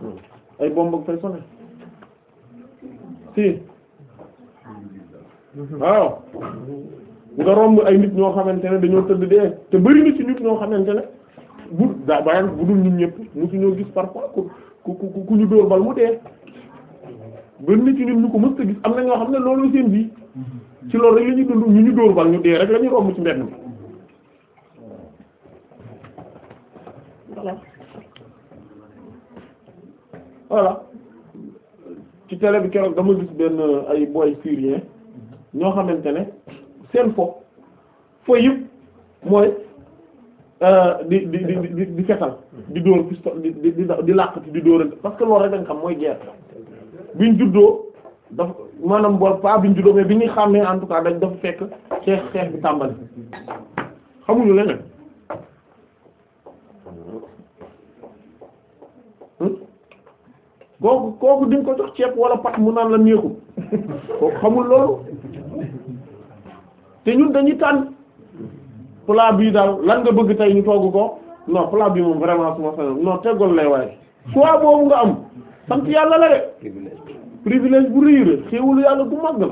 hmm. ay bomb nga fay sonné si waaw nga romb ay nit ñoo xamante ne dañoo tëdd dee te bari na nit ñoo xamante ne bu daa bàyyi bu dul ñun ñëpp gis parfois ku ku ku ñu dóor bal mu dee ba nit ci ñun ñu ko mës a gis am na ñoo xam ne loolu seen bii ci loolu rek la ñuy dund ñu ñu dóor bal ñu dee rek la ñuy romb ci mbedd mi voilà voilà ci télé bi keroog dama gis benn euh, ay boy syrien ñoo xamante ne seen fo fo yëpp mooy Euh, di di di di fetal di dóor pistolet di di di di làqati di dóorante parce que loolu rek dañ xam mooy guerre biñ juddoo daf maanaam mbool pas biñ juddoo mais bi ñuy xàmmee en tout cas dañ dafa fekk xeex xeex bi tàmbali xamuñu leneen hmm? kooku kooku di ko jox ceeb wala pat mu naan la néeku kooku xamul loolu te ñun dañuy tànn. plat bii daal lan nga bëgg tey ñu togg ko non plat bii moom vraiment suma sañoon non teggoon lay waaye soit boobu nga am sant yàlla la de privilège bu rëy la xéewalu yàlla du màgg la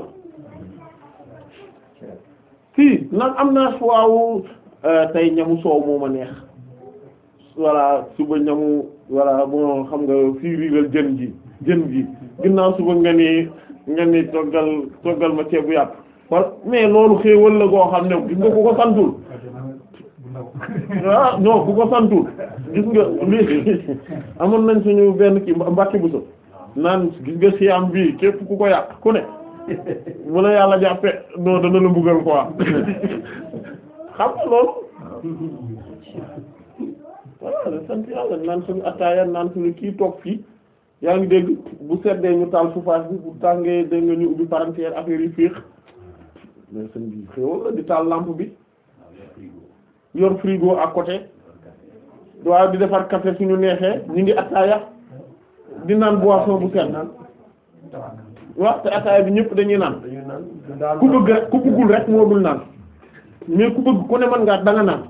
si nag am naa choix wu euh, tey ñamu soow moo ma neex voilà suba ñamu voilà bon xam nga fii riiral jën gi jën gi ginnaaw suba nga ni nga ni toggal toggal ma ceebu yàpp parce mais loolu xéewal la goo xam ne gis nga ku ko santul ah non ko santul gis nga lii amoon nañ suñu benn kii mbàkki bu so naan gis nga siyaam bii képp ku ko yàq ku ne bu la yàlla jàppe non dana la mbugal quoi xam nga loolu naan suñu attaaya naan suñu kii toog fii yaa ngi dégg bu seddee ñu taal sufaas bi bu tàngee dégg nga ñu ubbi parenté affaire yi mais sëñ bi di taal lampe bi yor frigo à côté waaw di defar café suñu neexee ñu ngi attaaya di naan boisson bu sedd waaw te attaaya bi ñëpp dañuy naan ku bëgg rek ku bëggul rek moo dul naan mais ku bëgg ku ne mën ngaa danga naan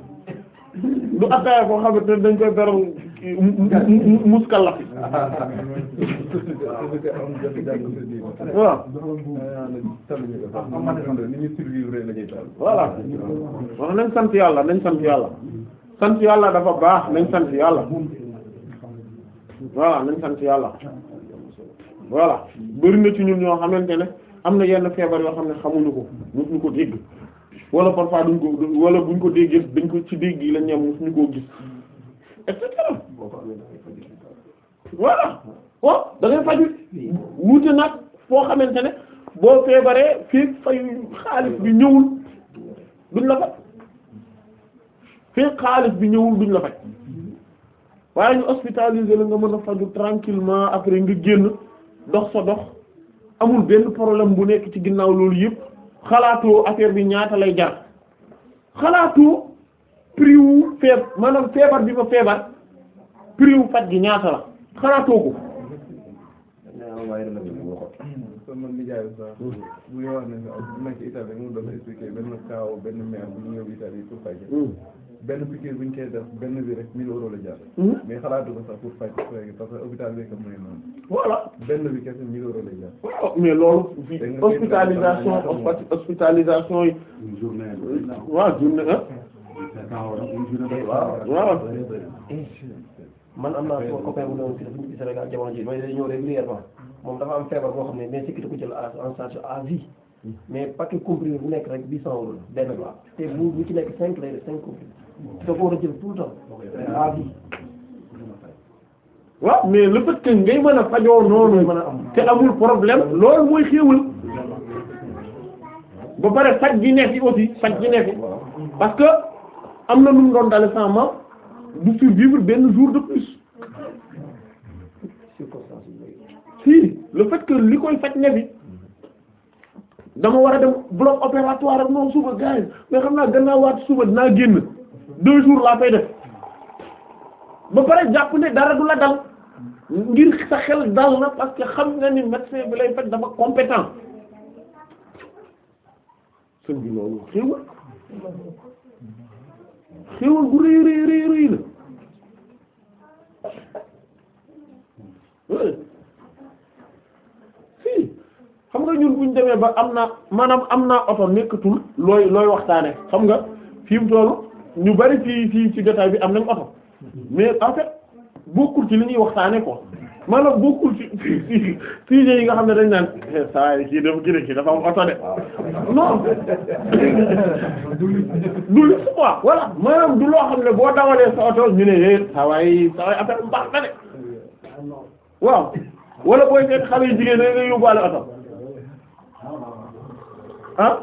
du attaaya koo xamante ne dañ koy beral muskallaf yi waaw voilà wax nañ sant yàlla nañ sant yàlla sant yàlla dafa baax nañ sant yàlla voilà nañ sant yàlla voilà bari na ci ñun ñoo xamante ne am na yenn feebar yoo xam ne xamuñu ko mësuñu ko dégg wala parfois duñ ko wala buñ ko déggee dañ ko ci dégg yi lañ ñam mësuñu koo gis et cetera voilà waaw da faju wuute nag foo xamante ne boo feebaree fii fayu xaalis bi ñëwul duñ la faj fii xaalis bi ñëwul duñ la faj waaye ñu la nga mën a faju tranquillement après nga génn dox sa dox amul benn problème bu nekk ci ginnaaw loolu yëpp xalaatoo affaire bi ñaata lay jar xalaatoo prix wu feeb maanaam feebar bi ma feebar prix wu faj gi ñaata la xalaatoo ko. sama nijaay sax bu ñu wax ne nekk Italie mu doon expliqué benn kaaw benn maire bu ñu ñëw Italie pour faj benn piqûre bu ñu benn bi rek mille euros la jar ko sax pour faj parce que hôpital bi ka mooy noonu voilà benn waaw man am naa sama copain bu newoon si dugub bi Sénégal jamono ji mooy day ñëw régulièrement moom dafa am feebar boo xam ne mais sécurité ko jël en charge à vie mais paquet comprimé bu nekk rek 800 euros la benn ba te bu bu ci nekk 5 lay def 5 comprimés da ko war a jël tout le temps li pa waaw mais le fait que ngay mën a fajoo noonu mën a am te amul problème loolu mooy xéewal ba pare faj gi nekk fi aussi faj gi nekk am na lu mu doon dale sans maam du survivre benn jour de plus si le fait que li koy faj ne bi dama war a dem bloc opératoire ak noonu suba gars mais xam naa gannaaw waat suba naa génn deux jours laa fay def ba pare jàpp ne dara du la dal ngir sa xel dal na parce xam nga ni médecin bi lay faj dafa compétent sëñ bi loolu xéewal gu rëy rëy rëy rëy la fii xam nga ñun buñ demee ba am naa maanaam am naa oto nekkatul looy looy waxtaane xam nga fi mu toll ñu bari ci ci ci jotaay bi am nañ oto mais en fait bokkul ci li ñuy waxtaane quoi maanaam bokkul ci ci sujet yi nga xam ne dañ naan eh, saa yi kii dafa gën kii dafa am oto de non du li quoi voilà maanaam du loo xam ne boo dawalee sa oto ñu ne yé eh, saa waay saa waay affaire mbaax na de waaw wala booy fekk xale yu jigéen da ngay yóbbaale oto ah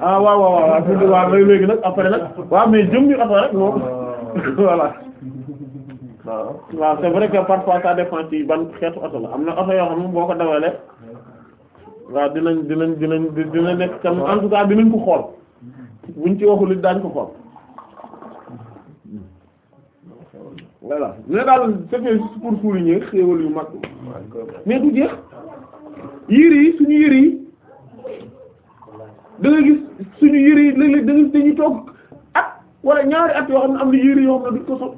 ah waaw waaw waaw waaw léegi nag après nag waaw mais jëm bi oto rek moom voilà waaw c'est vrai que parfois ça dépend ci ban xeetu oto la am na oto yoo xam ne boo ko dawalee waaw dinañ dinañ dinañ dina nekk tam en tout cas dinañ ko xool buñ ci waxul it ko xool voilà mais daal c'était juste pour yu mag mais du jeex yére yi suñu yére yi da nga gis suñu yére yi léeg-léeg da nga gis dañuy toog at wala ñaari at yoo xam ne am na yére yoo xam ne duñ ko sol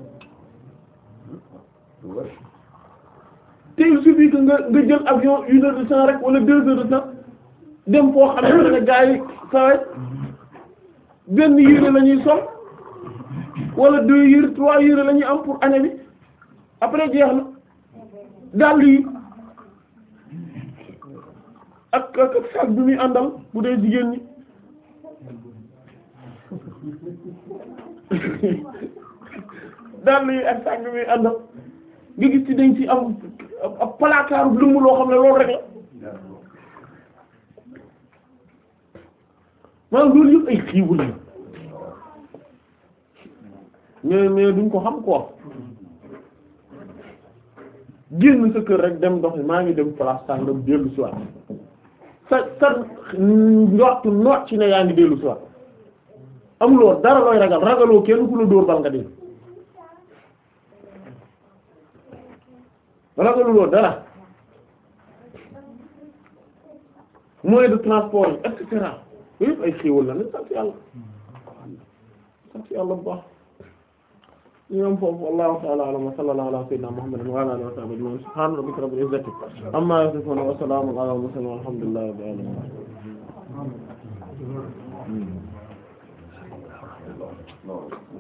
te il suffit que nga nga jël avion une heure de temps rek wala deux heures de temps dem foo xamante ne gars yi saa benn yére la sol wala deux yére trois yére la am pour année bi après jeex na dàll yi ak ak sac bi muy àndal bu dee jigéen ñi dàll yi ak sac bi muy àndal. nga gis ci dañ ci am ab placard lëmm loo xam ne loolu rek la maanaam loolu yëpp ay xiiwu lañ mais mais duñ ko xam ko quoi génn sa kër rek dem dox maa ngi dem place sàngam dellu si waat sa sa njortu noot ci ne yaa ngi dellu si waat amuloo dara looy ragal ragaloo kenn ku la dóor bal nga dee ragaluloo dara moyen de transport yi et cetera yëpp ay xéewal la nañ sant yàlla sant yàlla bu baax ñu am foofu wallahu ta'ala a'lam wa sallallahu ala sayyidina muhammadin wa ala alihi wa sahbihi ajma'in subhana rabbika rabbil izzati amma yasifun wa salamun ala al-mursalin walhamdulillahi rabbil alamin